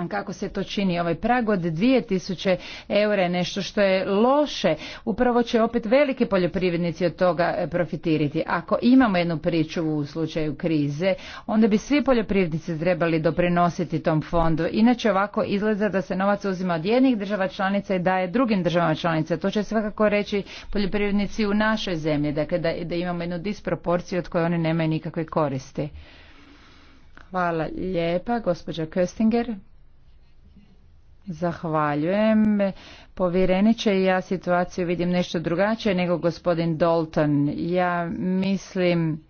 kako se to čini. Ovaj prag od 2000 eura je nešto što je loše. Upravo će opet veliki poljoprivrednici od toga e, profitirati. Ako imamo jednu priču u slučaju krize, onda bi svi poljoprivrednici trebali doprinositi tom fondu. Inače ovako izgleda da se novac uzima od jednih država članica i daje drugim državama članica. To će svakako reći poljoprivrednici u našoj zemlji. Dakle, da, da imamo jednu disproporciju od koje oni nemaju nikakve koristi. Hvala lijepa, gospođa Köstinger. Zahvaljujem. Povjereniče, ja situaciju vidim nešto drugačije nego gospodin Dalton. Ja mislim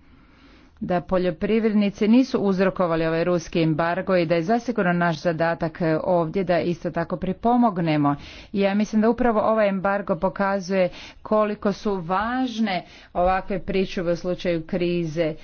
da poljoprivrednici nisu uzrokovali ovaj ruski embargo i da je zasigurno naš zadatak ovdje da isto tako pripomognemo. I ja mislim da upravo ovaj embargo pokazuje koliko su važne ovakve pričuve u slučaju krize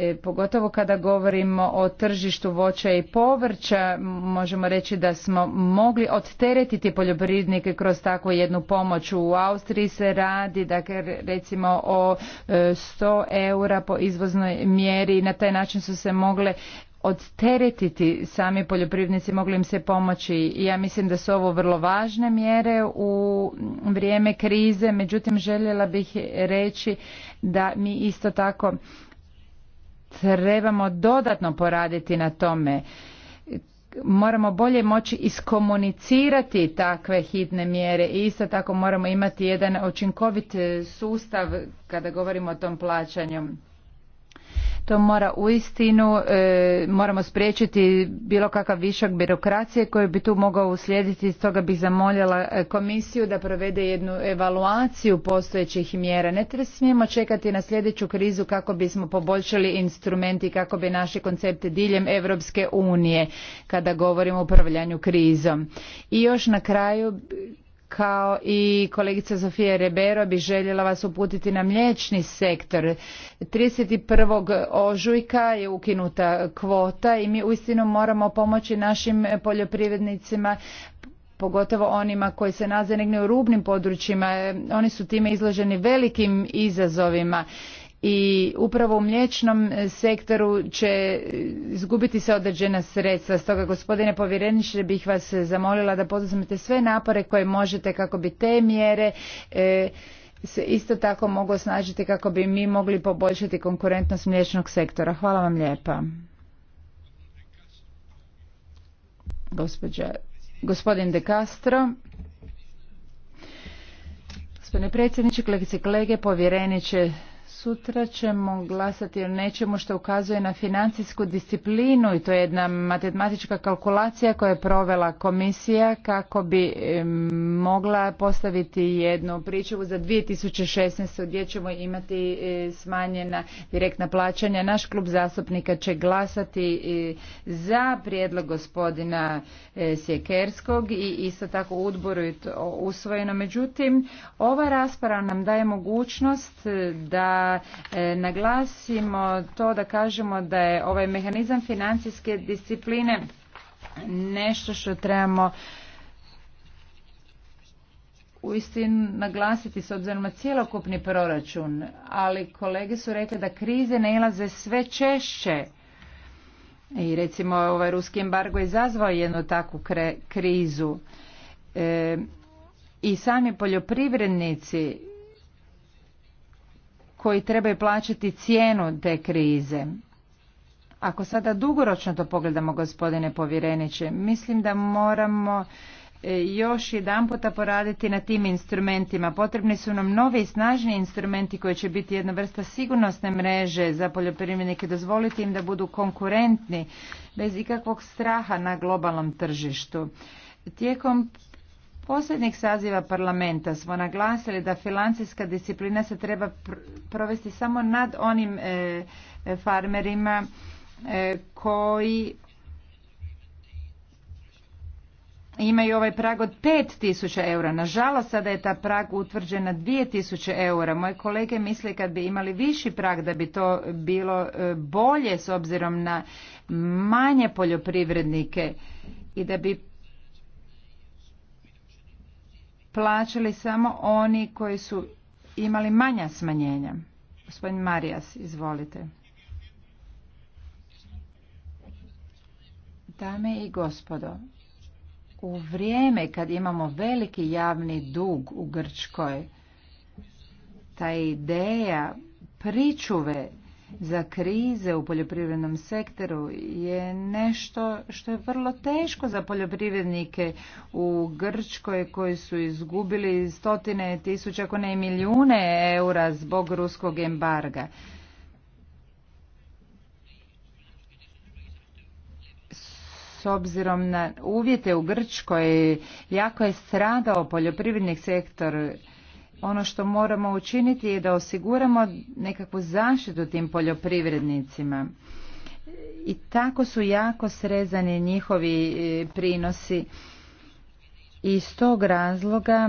E, pogotovo kada govorimo o tržištu voća i povrća možemo reći da smo mogli odteretiti poljoprivrednike kroz takvu jednu pomoć u Austriji se radi dakle recimo o 100 e, eura po izvoznoj mjeri i na taj način su se mogle odteretiti sami poljoprivrednici, mogli im se pomoći. Ja mislim da su ovo vrlo važne mjere u vrijeme krize, međutim željela bih reći da mi isto tako trebamo dodatno poraditi na tome moramo bolje moći iskomunicirati takve hitne mjere i isto tako moramo imati jedan učinkovit sustav kada govorimo o tom plaćanju to mora uistinu e, moramo spriječiti bilo kakav višak birokracije koji bi tu mogao uslijediti stoga bih zamoljala e, komisiju da provede jednu evaluaciju postojećih mjera ne smijemo čekati na sljedeću krizu kako bismo poboljšali instrumenti kako bi naši koncepte diljem europske unije kada govorimo o upravljanju krizom i još na kraju kao i kolegica Sofija Rebero bi željela vas uputiti na mliječni sektor. 31. ožujka je ukinuta kvota i mi uistinu moramo pomoći našim poljoprivrednicima pogotovo onima koji se nalaze negdje u rubnim područjima. Oni su time izloženi velikim izazovima i upravo u mliječnom e, sektoru će e, izgubiti se određena sredstva. Stoga gospodine povjereniče bih vas e, zamolila da poduzmete sve napore koje možete kako bi te mjere se isto tako mogu osnažiti kako bi mi mogli poboljšati konkurentnost mliječnog sektora. Hvala vam lijepa. gospodin De Castro. Gospodine predsjedniče, kolegice i kolege, povjereniče, Sutra ćemo glasati o nečemu što ukazuje na financijsku disciplinu i to je jedna matematička kalkulacija koju je provela komisija kako bi mogla postaviti jednu pričavu za 2016. gdje ćemo imati e, smanjena direktna plaćanja. Naš klub zastupnika će glasati e, za prijedlog gospodina e, Sjekerskog i isto tako u odboru je usvojeno. Međutim, ova rasprava nam daje mogućnost da E, naglasimo to da kažemo da je ovaj mehanizam financijske discipline nešto što trebamo uistinu naglasiti s obzirom na cjelokupni proračun, ali kolege su rekli da krize nailaze sve češće. I recimo ovaj ruski embargo je izazvao jednu takvu krizu. E, I sami poljoprivrednici koji trebaju plaćati cijenu te krize. Ako sada dugoročno to pogledamo, gospodine povjereniče, mislim da moramo e, još jedan puta poraditi na tim instrumentima. Potrebni su nam novi i snažni instrumenti koji će biti jedna vrsta sigurnosne mreže za poljoprivrednike, dozvoliti im da budu konkurentni bez ikakvog straha na globalnom tržištu. Tijekom posljednjeg saziva parlamenta smo naglasili da financijska disciplina se treba provesti samo nad onim e, e, farmerima e, koji imaju ovaj prag od 5000 eura. Nažalost, sada je ta prag utvrđen na 2000 eura. Moje kolege misle kad bi imali viši prag da bi to bilo bolje s obzirom na manje poljoprivrednike i da bi plaćali samo oni koji su imali manja smanjenja. Gospodin Marijas, izvolite. Dame i gospodo, u vrijeme kad imamo veliki javni dug u Grčkoj, ta ideja pričuve za krize u poljoprivrednom sektoru je nešto što je vrlo teško za poljoprivrednike u Grčkoj koji su izgubili stotine tisuća, ako ne i milijune eura zbog ruskog embarga. s obzirom na uvjete u Grčkoj, jako je stradao poljoprivredni sektor ono što moramo učiniti je da osiguramo nekakvu zaštitu tim poljoprivrednicima. I tako su jako srezani njihovi e, prinosi i iz tog razloga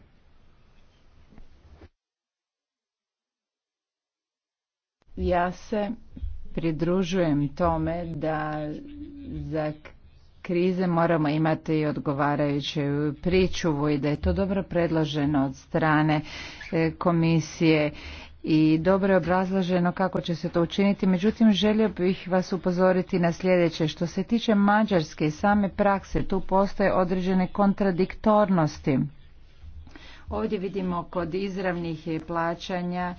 Ja se pridružujem tome da za krize moramo imati i odgovarajuću pričuvu i da je to dobro predloženo od strane e, komisije i dobro je obrazloženo kako će se to učiniti. Međutim, želio bih vas upozoriti na sljedeće. Što se tiče mađarske i same prakse, tu postoje određene kontradiktornosti. Ovdje vidimo kod izravnih plaćanja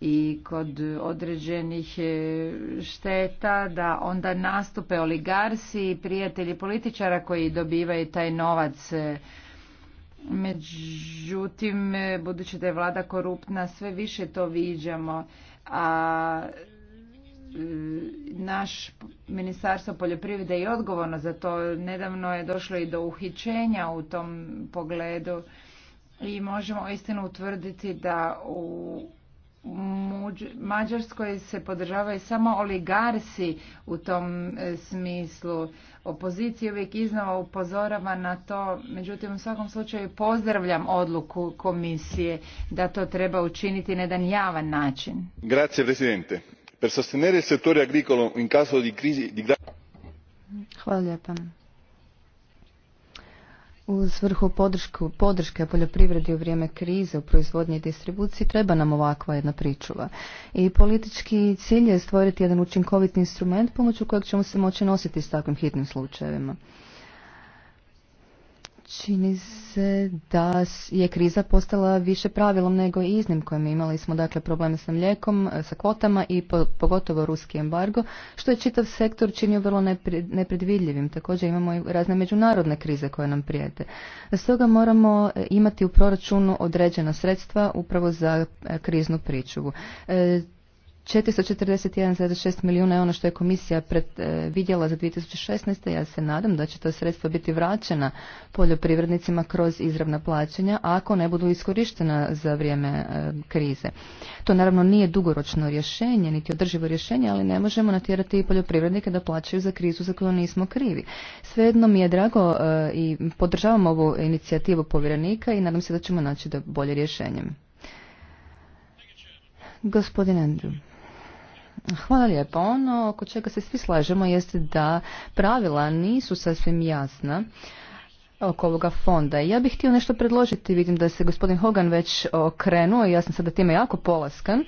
i kod određenih e, šteta da onda nastupe oligarsi i prijatelji političara koji dobivaju taj novac e, međutim e, budući da je vlada koruptna sve više to viđamo a naš ministarstvo poljoprivrede je odgovorno za to nedavno je došlo i do uhićenja u tom pogledu i možemo istinu utvrditi da u Mađarskoj se podržavaju samo oligarsi u tom e, smislu. Opozicija uvijek iznova upozorava na to, međutim u svakom slučaju pozdravljam odluku komisije da to treba učiniti na jedan javan način. Grazie Presidente. Per sostenere il settore agricolo in caso di crisi di... Hvala lijepa. U svrhu podršku, podrške poljoprivredi u vrijeme krize u proizvodnji i distribuciji treba nam ovakva jedna pričuva. I politički cilj je stvoriti jedan učinkovit instrument pomoću kojeg ćemo se moći nositi s takvim hitnim slučajevima čini se da je kriza postala više pravilom nego iznimkom. Imali smo dakle probleme sa mlijekom, e, sa kvotama i pogotovo ruski embargo, što je čitav sektor činio vrlo nepredvidljivim. Također imamo i razne međunarodne krize koje nam prijete. Stoga moramo e, imati u proračunu određena sredstva upravo za e, kriznu pričuvu. 441,6 milijuna je ono što je komisija e, vidjela za 2016. Ja se nadam da će to sredstvo biti vraćena poljoprivrednicima kroz izravna plaćanja ako ne budu iskorištena za vrijeme e, krize. To naravno nije dugoročno rješenje, niti održivo rješenje, ali ne možemo natjerati i poljoprivrednike da plaćaju za krizu za koju nismo krivi. Svejedno mi je drago e, i podržavam ovu inicijativu povjerenika i nadam se da ćemo naći da bolje rješenje. Gospodin Andrew. Hvala lijepo. Ono oko čega se svi slažemo jeste da pravila nisu sasvim jasna oko ovoga fonda. Ja bih htio nešto predložiti, vidim da se gospodin Hogan već okrenuo i ja sam sada time jako polaskan.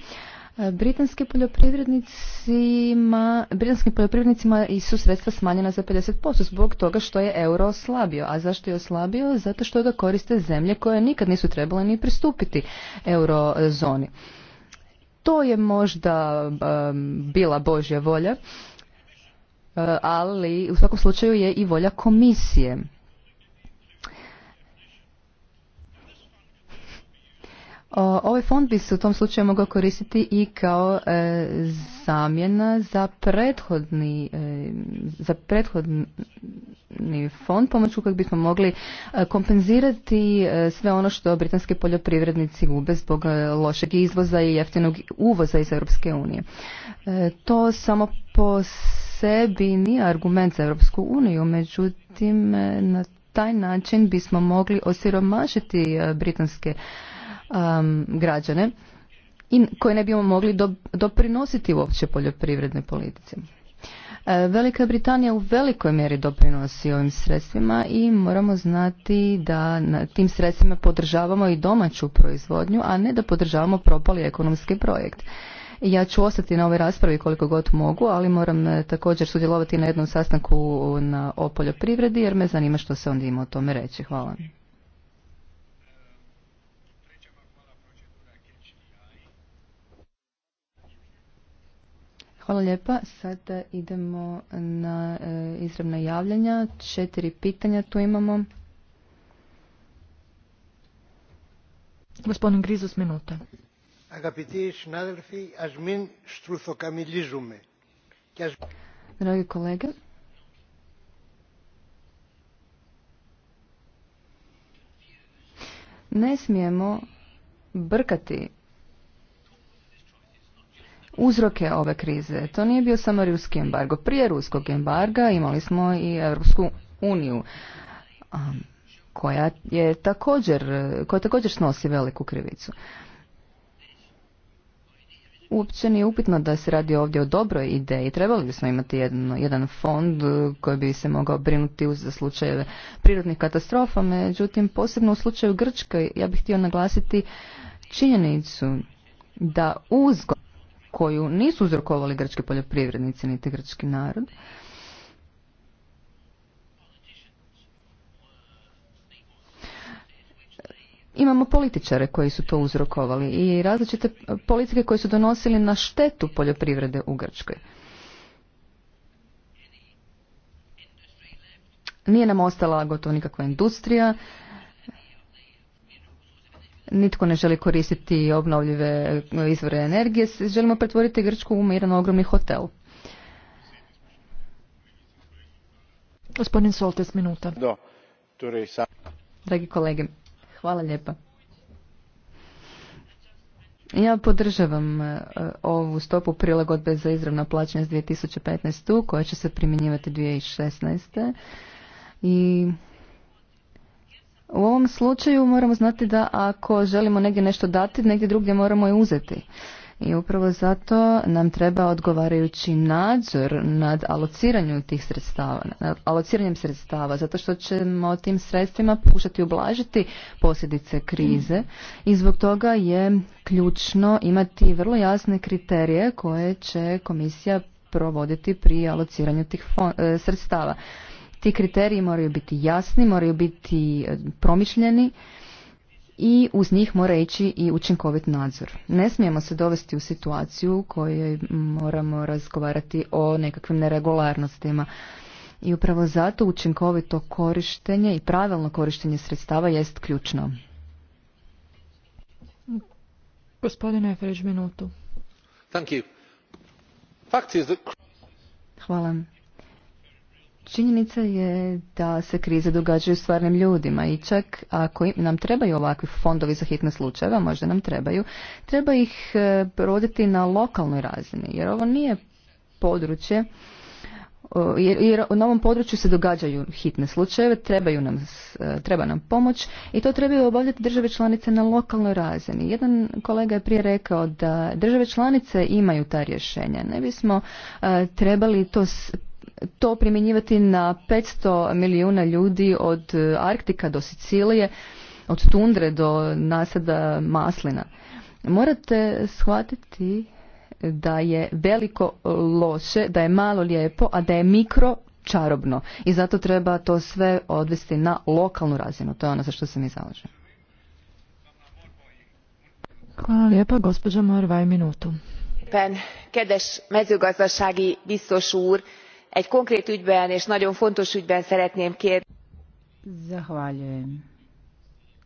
Britanski poljoprivrednicima, britanskim poljoprivrednicima su sredstva smanjena za 50% zbog toga što je euro oslabio. A zašto je oslabio? Zato što ga koriste zemlje koje nikad nisu trebale ni pristupiti eurozoni to je možda bila Božja volja, e, ali u svakom slučaju je i volja komisije. Ovaj fond bi se u tom slučaju mogao koristiti i kao e, zamjena za prethodni, e, za prethodni, ni fond pomoću kojeg bismo mogli e, kompenzirati e, sve ono što britanski poljoprivrednici gube zbog e, lošeg izvoza i jeftinog uvoza iz Europske unije. To samo po sebi nije argument za Europsku uniju, međutim na taj način bismo mogli osiromašiti britanske građane i koje ne bismo mogli doprinositi uopće poljoprivredne politici. E, Velika Britanija u velikoj mjeri doprinosi ovim sredstvima i moramo znati da na tim sredstvima podržavamo i domaću proizvodnju, a ne da podržavamo propali ekonomski projekt. Ja ću ostati na ovoj raspravi koliko god mogu, ali moram e, također sudjelovati na jednom sastanku na, o poljoprivredi jer me zanima što se onda ima o tome reći. Hvala. Hvala lijepa. Sada idemo na e, izravna javljanja. Četiri pitanja tu imamo. Gospodin Grizus, minuta. Agapiti min Dragi kolege, ne smijemo brkati uzroke ove krize. To nije bio samo ruski embargo. Prije ruskog embarga imali smo i Europsku uniju um, koja je također, koja također snosi veliku krivicu. Uopće nije upitno da se radi ovdje o dobroj ideji. Trebali bismo imati jedno, jedan fond koji bi se mogao brinuti uz slučajeve prirodnih katastrofa, međutim posebno u slučaju Grčke, ja bih htio naglasiti činjenicu da uzgo koju nisu uzrokovali grčki poljoprivrednici niti grčki narod. Imamo političare koji su to uzrokovali i različite politike koje su donosili na štetu poljoprivrede u Grčkoj. Nije nam ostala gotovo nikakva industrija, nitko ne želi koristiti obnovljive e, izvore energije, želimo pretvoriti Grčku u jedan ogromni hotel. Gospodin Soltes, minuta. Dragi kolege, hvala lijepa. Ja podržavam e, ovu stopu prilagodbe za izravna plaćanja s 2015. koja će se primjenjivati 2016. I u ovom slučaju moramo znati da ako želimo negdje nešto dati, negdje drugdje moramo i uzeti. I upravo zato nam treba odgovarajući nadzor nad alociranjem tih sredstava, nad alociranjem sredstava, zato što ćemo tim sredstvima pokušati ublažiti posljedice krize i zbog toga je ključno imati vrlo jasne kriterije koje će komisija provoditi pri alociranju tih e, sredstava. Ti kriteriji moraju biti jasni, moraju biti e, promišljeni i uz njih mora ići i učinkovit nadzor. Ne smijemo se dovesti u situaciju u kojoj moramo razgovarati o nekakvim neregularnostima. I upravo zato učinkovito korištenje i pravilno korištenje sredstava jest ključno. Gospodine minutu. Činjenica je da se krize događaju stvarnim ljudima i čak ako nam trebaju ovakvi fondovi za hitne slučajeve, možda nam trebaju, treba ih e, provoditi na lokalnoj razini jer ovo nije područje jer u novom području se događaju hitne slučajeve, trebaju nam, e, treba nam pomoć i to trebaju obavljati države članice na lokalnoj razini. Jedan kolega je prije rekao da države članice imaju ta rješenja. Ne bismo e, trebali to to primjenjivati na 500 milijuna ljudi od e, Arktika do Sicilije, od tundre do nasada maslina. Morate shvatiti da je veliko loše, da je malo lijepo, a da je mikro čarobno. I zato treba to sve odvesti na lokalnu razinu. To je ono za što se mi zalažem. Hvala lijepa, gospođa Morvaj, minutu. Kedes egy konkrét ügyben és nagyon fontos ügyben szeretném kérni Zahvaljujem.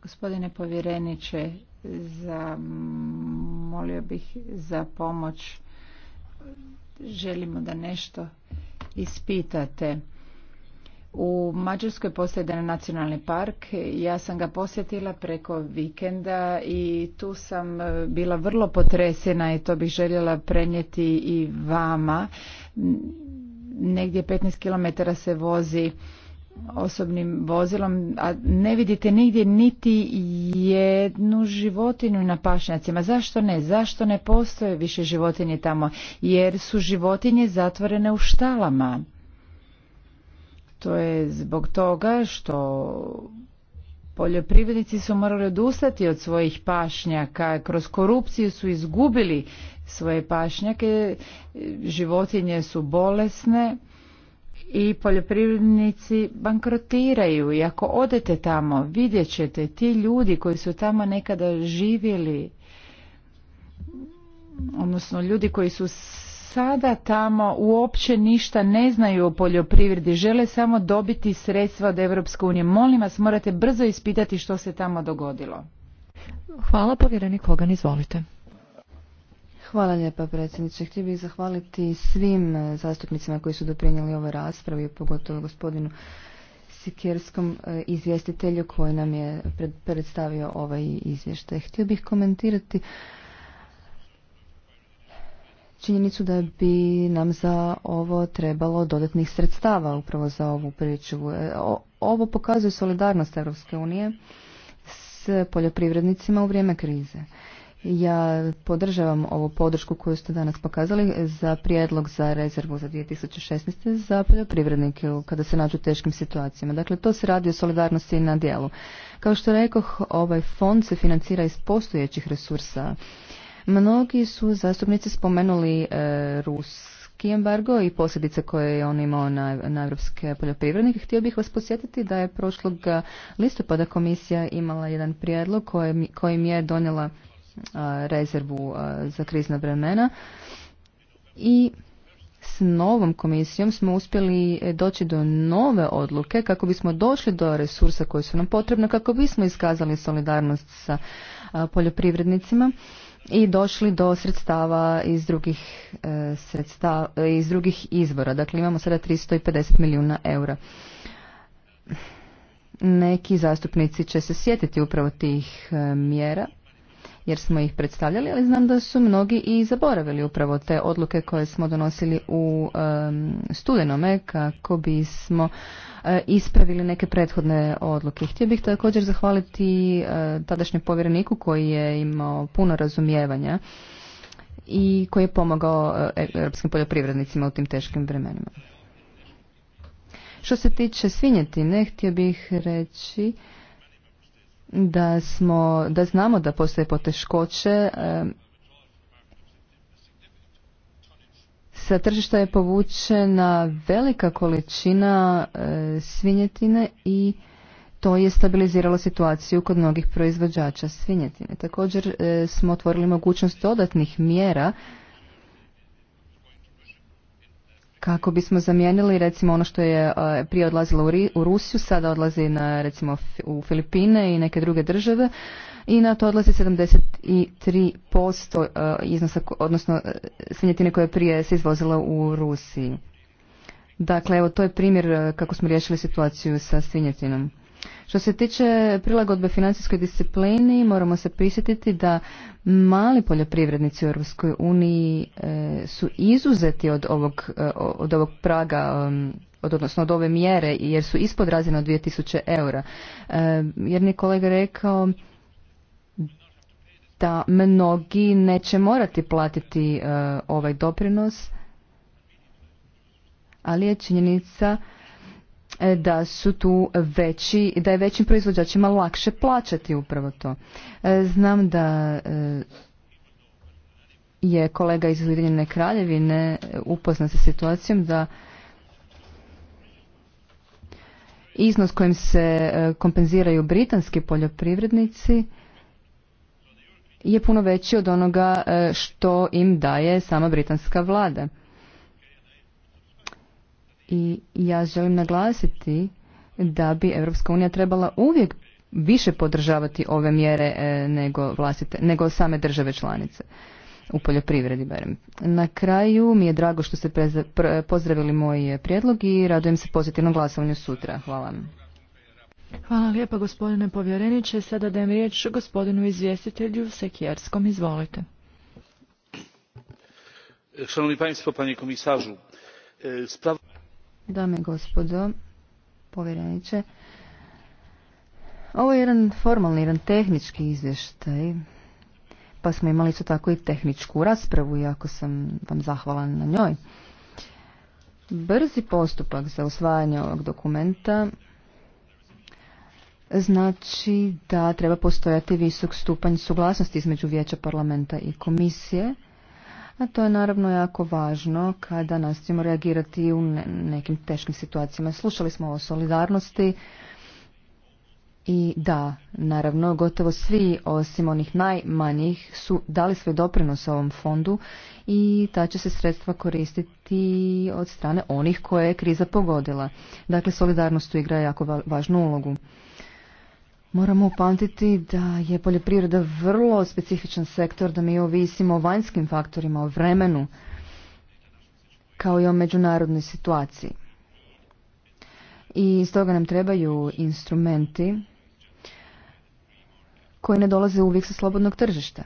Gospodine bih za pomoć. Želimo da nešto ispitate. U Mađarskoj postoji jedan nacionalni park. Ja sam ga posjetila preko vikenda i tu sam bila vrlo potresena i to bih željela prenijeti i vama negdje 15 km se vozi osobnim vozilom, a ne vidite nigdje niti jednu životinju na pašnjacima. Zašto ne? Zašto ne postoje više životinje tamo? Jer su životinje zatvorene u štalama. To je zbog toga što poljoprivrednici su morali odustati od svojih pašnjaka, kroz korupciju su izgubili svoje pašnjake, životinje su bolesne i poljoprivrednici bankrotiraju i ako odete tamo vidjet ćete ti ljudi koji su tamo nekada živjeli odnosno ljudi koji su sada tamo uopće ništa ne znaju o poljoprivredi, žele samo dobiti sredstva od Europske unije. Molim vas, morate brzo ispitati što se tamo dogodilo. Hvala povjerenik Hogan, izvolite. Hvala lijepa predsjedniče. Htio bih zahvaliti svim e, zastupnicima koji su doprinijeli ovoj raspravi, pogotovo gospodinu Sikerskom e, izvjestitelju koji nam je predstavio ovaj izvještaj. Htio bih komentirati činjenicu da bi nam za ovo trebalo dodatnih sredstava upravo za ovu priču. E, ovo pokazuje solidarnost Europske unije s poljoprivrednicima u vrijeme krize. Ja podržavam ovu podršku koju ste danas pokazali za prijedlog za rezervu za 2016. za poljoprivrednike kada se nađu u teškim situacijama. Dakle, to se radi o solidarnosti na dijelu. Kao što rekoh, ovaj fond se financira iz postojećih resursa. Mnogi su zastupnici spomenuli e, ruski embargo i posljedice koje je on imao na, na evropske poljoprivrednike. Htio bih vas posjetiti da je prošlog listopada komisija imala jedan prijedlog kojim, kojim je donijela rezervu za krizna vremena i s novom komisijom smo uspjeli e, doći do nove odluke kako bismo došli do resursa koje su nam potrebne kako bismo iskazali solidarnost sa poljoprivrednicima i došli do sredstava iz drugih, e, sredstava, e, iz drugih izvora. Dakle, imamo sada 350 milijuna eura. Neki zastupnici će se sjetiti upravo tih mjera jer smo ih predstavljali, ali znam da su mnogi i zaboravili upravo te odluke koje smo donosili u um, studenome kako bismo e, ispravili neke prethodne odluke. Htio bih također zahvaliti e, tadašnjem povjereniku koji je imao puno razumijevanja i koji je pomogao e, europskim poljoprivrednicima u tim teškim vremenima. Što se tiče svinjetine, htio bih reći da, smo, da znamo da postoje poteškoće sa tržišta je povučena velika količina e, svinjetine i to je stabiliziralo situaciju kod mnogih proizvođača svinjetine. Također e, smo otvorili mogućnost dodatnih mjera kako bismo zamijenili recimo ono što je e, prije odlazilo u Rusiju, sada odlazi na recimo u Filipine i neke druge države i na to odlazi 73% e, iznosa, odnosno e, svinjetine koje prije se izvozila u Rusiji. Dakle, evo to je primjer kako smo riješili situaciju sa svinjetinom. Što se tiče prilagodbe financijskoj disciplini, moramo se prisjetiti da mali poljoprivrednici u Europskoj uniji e, su izuzeti od ovog, e, od ovog praga od, odnosno od ove mjere jer su ispod razine od 2000 eura. E, jer je kolega rekao da mnogi neće morati platiti ovaj doprinos, ali je činjenica da su tu veći, da je većim proizvođačima lakše plaćati upravo to. E, znam da e, je kolega iz Ujedinjene kraljevine upoznan sa situacijom da iznos kojim se e, kompenziraju britanski poljoprivrednici je puno veći od onoga što im daje sama britanska vlada. I ja želim naglasiti da bi Europska unija trebala uvijek više podržavati ove mjere e, nego, vlastite, nego same države članice u poljoprivredi barem. Na kraju mi je drago što ste pozdravili moj prijedlog i radujem se pozitivnom glasovanju sutra. Hvala. Hvala lijepa gospodine povjereniče. Sada dajem riječ gospodinu izvjestitelju Sekijarskom. Izvolite. Šanoni Panie komisažu, e, sprawa... Dame i gospodo, povjereniče, ovo je jedan formalni, jedan tehnički izvještaj, pa smo imali isto tako i tehničku raspravu, iako sam vam zahvalan na njoj. Brzi postupak za usvajanje ovog dokumenta znači da treba postojati visok stupanj suglasnosti između Vijeća parlamenta i komisije, a to je naravno jako važno kada nastojimo reagirati u nekim teškim situacijama. Slušali smo o solidarnosti i da, naravno, gotovo svi osim onih najmanjih su dali svoj doprinos ovom fondu i ta će se sredstva koristiti od strane onih koje je kriza pogodila. Dakle, solidarnost tu igra jako važnu ulogu. Moramo upamtiti da je poljoprivreda vrlo specifičan sektor, da mi ovisimo o vanjskim faktorima, o vremenu, kao i o međunarodnoj situaciji. I stoga nam trebaju instrumenti koji ne dolaze uvijek sa slobodnog tržišta.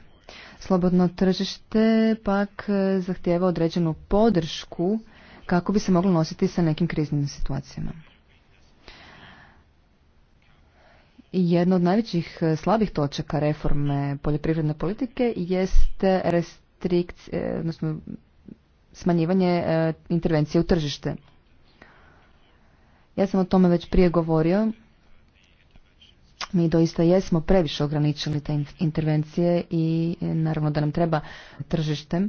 Slobodno tržište pak zahtjeva određenu podršku kako bi se moglo nositi sa nekim kriznim situacijama. Jedno od najvećih e, slabih točaka reforme poljoprivredne politike jeste restrikcija e, odnosno smanjivanje e, intervencije u tržište. Ja sam o tome već prije govorio. Mi doista jesmo previše ograničili te intervencije i naravno da nam treba tržište.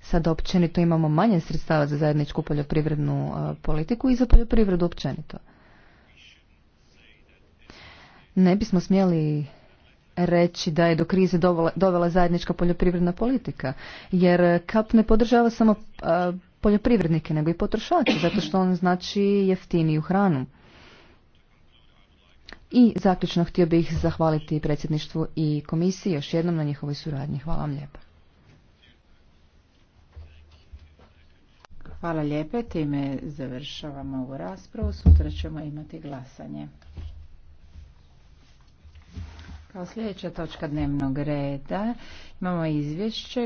Sada općenito imamo manje sredstava za zajedničku poljoprivrednu politiku i za poljoprivredu općenito. Ne bismo smjeli reći da je do krize dovela zajednička poljoprivredna politika, jer KAP ne podržava samo e, poljoprivrednike, nego i potrošače, zato što on znači jeftiniju hranu. I zaključno htio bih zahvaliti predsjedništvu i komisiji još jednom na njihovoj suradnji. Hvala vam lijepa. Hvala lijepe, time završavamo ovu raspravu. Sutra ćemo imati glasanje. Kao sljedeća točka dnevnog reda imamo izvješće